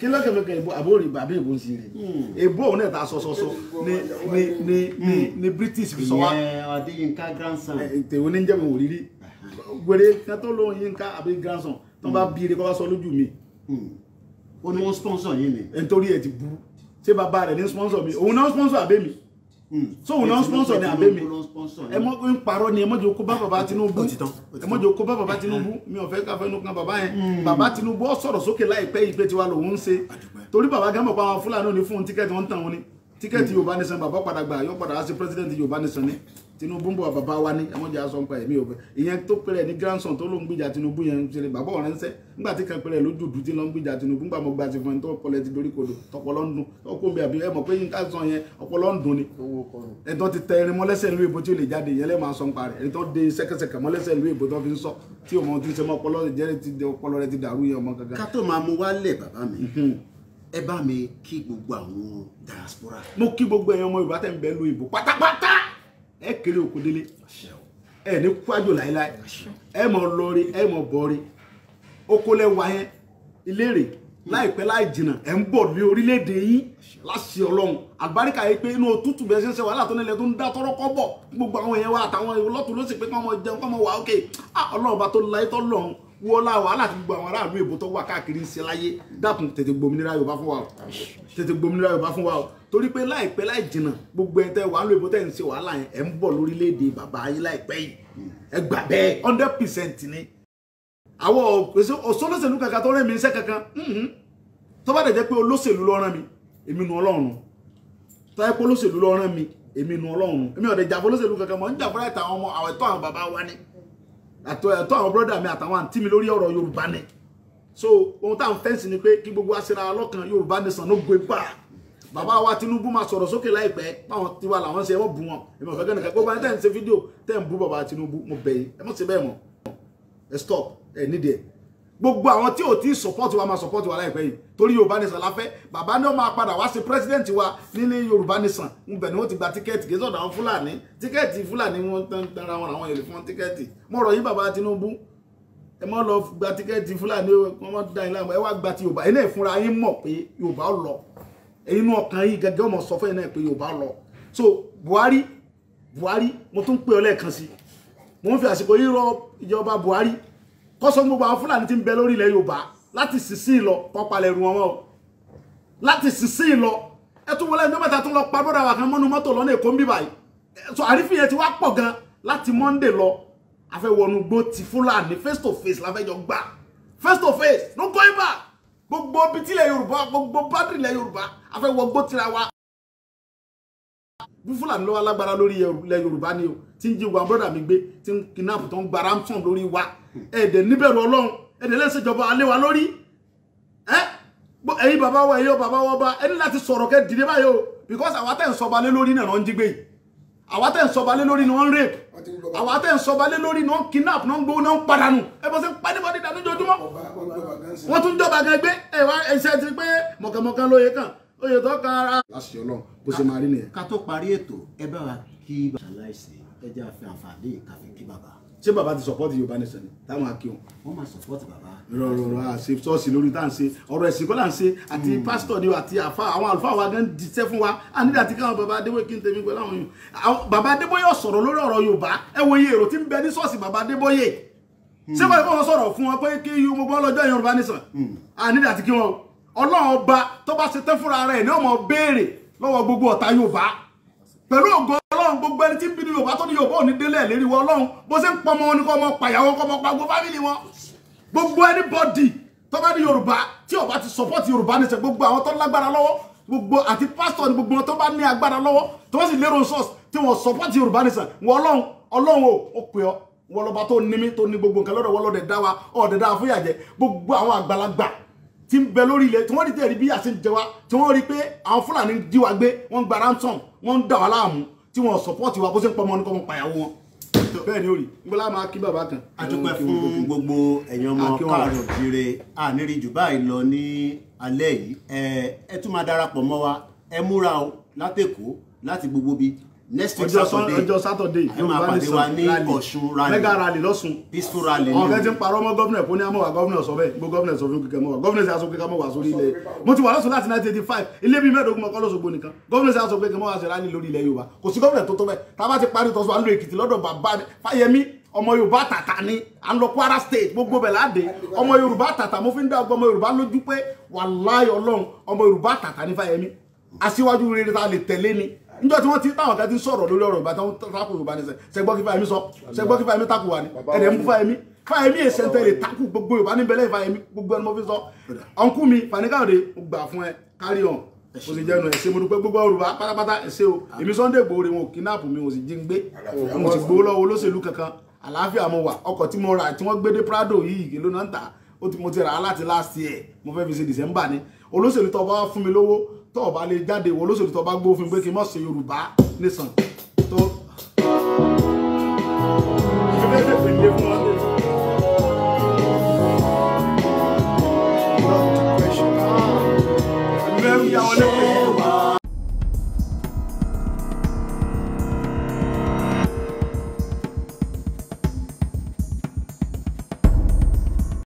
A: kí lọ́kẹ́ ìbò àbó rè ìbò ń ṣe rè hmm. ìbò òun náà ta sọsọsọ ni ni ni ni hmm. British fi sọ wa. ìyẹn grandson. tèwo ní jẹ́ mi wò rírí wèrè kan tó lóun Yínká àbí grandson tó bá hmm. bí ire kó bá sọ lójú mi. ó ní wọ́n sponsor yín ni. nítorí ẹ ti burú ṣé bàbá rẹ̀ ní sponsor mi òun náà sponsor àbẹ́ mi. Hmm. so wọn náà sponsor ní abẹ́ mi ẹ mọ n parọ́ ni ẹ mọ jẹ́ kó bá baba Tinubu ẹ mọ jẹ́ kó bá baba Tinubu mi ò fẹ́ ká fẹ́ nu kan baba yẹn hmm. baba Tinubu ọ sọ̀rọ̀ sókè láìpẹ́ ìpè tiwa lòun ń ṣe torí baba gẹ́mọ̀ pa àwọn Fúlàní ò ní fún tíkẹ́ẹ̀tì wọn ń tàn wọn ni tíkẹ́ẹ̀tì hmm. Yorùbá Nation baba padà gbà yọ padà á ṣe president Yorùbá Nation ni. Tinubu ń bọ̀ bàbá wa ní ẹmọ́jà aṣọ ń pa ẹ̀mí òfin ìyẹn tó pẹ̀rẹ̀ ní grandson tó ló ń gbìjà Tinubu yẹn ń ṣẹlẹ̀ bàbá ọ̀rẹ́ ń sẹ́ nígbà tí kan pẹ̀rẹ̀ lójú tí ló ń gbìjà Tinubu ńgbà mo gba ti fún ẹ tó ọpọlọ ti dorí kodò tọpọlọ ń dun ọkọ mi àbí ẹ pé yínká sọ yẹn ọpọlọ ń dun ni. ẹ̀tọ́ ti tẹ irin mọ́lẹ́sẹ̀ ìlú èbó tí ó lè jáde ìyẹn lẹ́ẹ̀ máa sọ ń pa rẹ̀ ẹ̀tọ́ de sẹ́kẹsẹkẹ mọ́lẹ́sẹ̀ ìlú èbó tó fi ń sọ tí òmò ti ṣe mọ́ ọpọlọ jẹ́rẹ́ ti ọpọlọ rẹ ti dàrú yẹn ọmọ gangan. ká tó máa mú wálẹ̀ bàbá mi hmm. ẹ bá mi kí gbogbo àwọn diaspora. mo kí gbogbo ẹ̀yin ọmọ Yorùbá tẹ̀ ń bẹ lu ìbò pátápátá ẹ kéré òkú délé ẹ ní kwájò láéláé ẹ mọ lọrí ẹ mọ bọrí oko lẹwa yẹn ìlérè láìpẹ́ láì jìnnà ẹ ń bọ̀ lé orílẹ̀-èdè yìí láṣẹ Ọlọ́run àgbáríkà yìí pé inú òtútù bẹ́ẹ̀ ṣe ń ṣe wàhálà tó nílẹ̀ tó ń dá tọrọ kọ́ bọ̀ gbogbo àwọn yẹn wa àtàwọn ìlọ́tún ló sì pé kí wọ́n mọ jẹun kí wọ́n mọ wà ókè Ọlọ́run bá tó láyé tó lọ́run wọ́lá wàhálà tí gbogbo àwọn aráàlú ìbò tó wà káàkiri ṣe láyé dákun tètè gbòmìnira Yorùbá fún wa o tètè gbòmìnira Yorùbá fún wa o torí pé láìpẹ́ láì jìnnà gbogbo ẹ̀ tẹ́ wà á lo ìbò tẹ́ ń ṣe wàhálà yẹn ẹ̀ ń bọ̀ lórílẹ̀‐èdè bàbá yín láìpẹ́ yìí ẹ gbà bẹ́ẹ̀ hundred percent ni àwọn òṣòlóṣèlú kankan tó rẹ́ mi iṣẹ́ kankan mm-hmm. tó bá dẹ̀ jẹ́ pé olóṣèlú ló rán mi èmi nu ọlọ́run tó bá jẹ́ pé olóṣèlú ló rán mi èmi nu ọlọ́run èmi ọ̀dẹ̀ jà fọlóṣèlú kankan mọ̀ ń jà fọlá ìtàwọn ọmọ àwọn ẹ̀tọ́ àwọn bàbá wa ni ẹ̀tọ́ àwọn bọ́dà mi àtàwọn àǹtí mi lórí ọ̀rọ̀ Yorùbá ni so ohun táwọn fẹ́ǹsì ni pé kí gbogbo aṣèrà ọlọ́kan Yorùbá nation no go back bàbá wa Tinubu máa sọ̀rọ̀ sókè láìpẹ́ báwọn tiwa làwọn ṣe ẹ mọ̀ bú wọn èmi ò fẹ́ kẹ́nìkan gbogbo ẹni tẹ́ ń ṣe fídíò tẹ́ ń bú bàbá Tinubu mo bẹ̀ yín ẹ mọ̀ ṣe bẹ́ẹ̀ mọ̀ ẹ stop ẹ nídìí ẹ gbogbo àwọn tí ò tí ń support wa máa support wa láìpẹ́ yìí torí Yorùbá Nation la fẹ́ bàbá náà máa padà wá sí president wa nílé Yorùbá Nation ń bẹ̀ ni wọ́n ti gba tíkẹ́ẹ̀tì kì í sọ̀dọ̀ àwọn Fúlàní tíkẹ́ẹ̀tì Fúlàní wọn tẹ́ra wọn àwọn èrè fún tíkẹ́ẹ̀tì mo rọ̀ yín bàbá Tinubu ẹ mọ́ lọ gba tíkẹ́ẹ̀tì Fúlàní wọn mọ́ dá yín láàmú ẹ wá gba ti Yorùbá ẹ náà fúnra yín mọ̀ pé Yorùbá lọ inú ọkàn yìí gẹ́gẹ́ ọmọ sọ fún ẹ̀ náà pé Yorùbá lọ so Buhari Buhari mo tún pè ọ lẹ́ẹ̀kan sí mo ń fi àsìkò yìí rọ ìjọba Buhari kọ́sọ́ gbogbo àwọn Fúlàní ti ń bẹ lórí ilẹ̀ Yorùbá láti sísìn lọ kọ́ palẹ̀ ẹ̀rù wọn o láti sísìn lọ ẹ tún wọlé ẹjọ́ mẹ́ta tún lọ pa bọ́dà wà kan mọ́nu mọ́tò lọ́nà Èkó ń bí báyìí so àrífín yẹn ti wá pọ̀ gan láti Monday lọ afẹ́wọnugbó ti Fúlàní face to face la fẹ́ jọ gbà face to face no going back gbogbo bitílẹ̀ yorùbá gbogbo bádìrìlẹ̀ yorùbá afẹ́wọgbó tira wa bí fúlàní lọ́wọ́ alágbára lórí ilẹ̀ yorùbá ni o tí ń jí wa brọ́dà mi gbé tí ń kidnap tó ń gba ransom lórí wa ẹ̀ẹ́dẹ̀ níbẹ̀rù ọlọ́run ẹ̀ẹ́dẹ̀ lẹ́sẹ̀ ìjọba alẹ́ wa lórí ẹ́ ẹ̀yin bàbá wa ẹ̀yin bàbá wa ọba ẹni láti sọ̀rọ̀ kẹ́ dìde báyìí because àwa tẹ̀ ń sọba lé lórí náà ń jí gbé yìí àwa tẹ̀ ń sọba lé lórí ni wọ́n ń rape àwa tẹ̀ ń sọba lórí ni wọ́n ń kidnap náà ń gbowó náà ń padànù ẹ bọ́ sí ń dànù jojúmọ́ wọ́n tún jọba gan gbé ẹ wá ẹsẹ̀ ti pé mọ̀kànmọ̀kàn lóye kan lóye tó ka ara. láti ọlọ́run bó ṣe máa rí nìyẹn. ká tó parí ètò ẹ bá wa kí bàbá aláìsè ẹ jẹ́ àfẹ́ àǹfààní ìkàfẹ́ kí bàbá ṣé bàbá ti support yorùbá nation ni táwọn akéwọn wọn máa support bàbá. rọrọrọ àṣe ṣọ́ọ̀ṣì lórí tá à ń ṣe ọ̀rọ̀ ẹ̀sìn kọ́ là ń ṣe àti hmm. pásítọ̀ ni àti àfa àwọn àlùfáà wa gan diṣẹ́ fún wa a nílẹ̀ àti káwọn bàbá adébóyè kí n tẹ̀mí pẹ̀lú àwọn yòó bàbá adébóyè sọ̀rọ̀ lórí ọ̀rọ̀ yorùbá ẹ wo iye èrò tí ń bẹ ní ṣọ́ọ̀ṣì bàbá adébóyè hmm. ṣé bàbá wọn sọ̀rọ̀ fún wọn pé kí gbogbo hmm. a nílẹ̀ àti kí wọn ọlọ́run ọba tó bá ṣe tán fúnra rẹ̀ ní ọmọ béèrè lọ́wọ́ gbogbo ọ̀tá yorùbá pẹ̀lú ọlọ́run gbogbo ẹni tí ń bínú yorùbá tó ní yorùbá ò ní délẹ̀ lérí wọn ọlọ́run bó ṣe ń pọmọ wọn ni kọ́ ọmọ pàyàwó kọ́ ọmọ pàgbó fámìlì wọn gbogbo ẹni bọ́dì tó bá ní yorùbá tí ó bá ti support yorùbá nìṣẹ́ gbogbo àwọn tó lágbára lọ́wọ́ gbogbo àti pásítọ̀ ni gbogbo wọn tó bá ní agbára lọ́wọ́ tó bá sì lérò source tí wọ́n support yorùbá nìṣẹ́ wọn ọlọ́run ọlọ́run ò pè ọ́ wọn lọba tó ní mí tó ní gbogbo nǹkan lọ́dọ̀ wọn lọ́dẹ̀ dá wa ọ̀dẹ̀ dá wa fún ìyàjẹ́ gbogbo àwọn àgbàlagbà tí ń bẹ lórí ilẹ̀ tí wọ́n rí tẹ̀rí bí àṣẹ ń jẹ wa tí wọ́n rí pé àwọn fúlàní ń gbé wọ́n gba ransom wọ́n ń dà wá láàmú tí wọ́n support wa bó ṣe ń pọ́nmọ́ ní kọ́mọ́ pàyàwó wọn bẹ́ẹ̀ ni ó rí gbọ́dọ̀ máa kí bàbá kan. a dúpẹ́ fún gbogbo ẹ̀yin ọmọ káàrọ̀ jíire àníri jù báyìí lọ ní alẹ́ yìí ẹ tún máa darapọ̀ mọ́ wa ẹ múra o látẹ̀kọ́ láti gbogbo bíi next week saturday ọjọ́ saturday ẹ máa pàdé wa ní ọ̀ṣun rally mega rally lọ́sùn peaceful rally ni o ọ̀rẹ́ ti ń parọ́ mọ́ gómìnà fún ní amọ̀wá gómìnà sọ bẹ́ẹ̀ gbogbo gómìnà sọ fún kíkẹ́ mọ́wá gómìnà sì aṣọ pé ká mọ́wá sórí ilẹ̀ mo ti wà lọ́sùn láti 1985 ilé mi mẹ́ẹ̀ẹ́dógún mọ́kọ́ lọ́sọ̀gbọ̀ nìkan gómìnà sì aṣọ pé kí mọ́wá sí rally lórí ilẹ̀ yorùbá kò sí gómìnà tó tó bẹ́ẹ̀ tá a bá ti parí tọ́sọ̀ à ń lo èkìtì lọ́dọ̀ bàbá fáyemí ọmọ yorùbá tàtà ni à ń lọ kwara state gbogbo bẹ̀ láde ọmọ yorùbá tàtà mo fi ń dá ọgbọ ọmọ yorùbá lójú pé wàláyọ ọlọ́run ọmọ yorùbá tàtà ní fáyemí aṣíwájú rere ta lè tẹ̀lé ni níjọ́ tí wọ́n ti táwọn kan ti sọ̀rọ̀ lórí ọ̀rọ̀ ìbátan tako yorùbá ni sẹ́gbọ́ kí fáyemí sọ sẹ́gbọ́ kí fáyemí tako wà ní ẹ̀rẹ̀ mú fáyemí fáyemí èsèǹtẹ̀ rẹ̀ tako gbogbo yorùbá níbẹ̀lẹ̀ fáyemí gbogbo ẹni mo fi sọ ọ̀nkú mi fanikàwé gbà fún ẹ kárí ọ̀n o sì jẹnu ẹsẹ mo dúpẹ́ gbogbo Yorùbá pátápátá ẹsẹ o ah. èmi Sunday Igboho wọn ò kidnap mi wọn sì jí ń gbé wọn sì gbowó lọ́wọ́ olóṣèlú kankan àlàáfíà mo wà ọkọ̀ tí mo rà tí wọ́n gbé dé Prado yìí èló náà ń tà mo ti rà á láti last year mo fẹ́ fi ṣe December ni olóṣèlú tó bá fún mi lówó tó o bá lè jáde ìwọ olóṣèlú tó o bá gbófin pé kí n mọ̀ ṣe Yorùbá nation tó.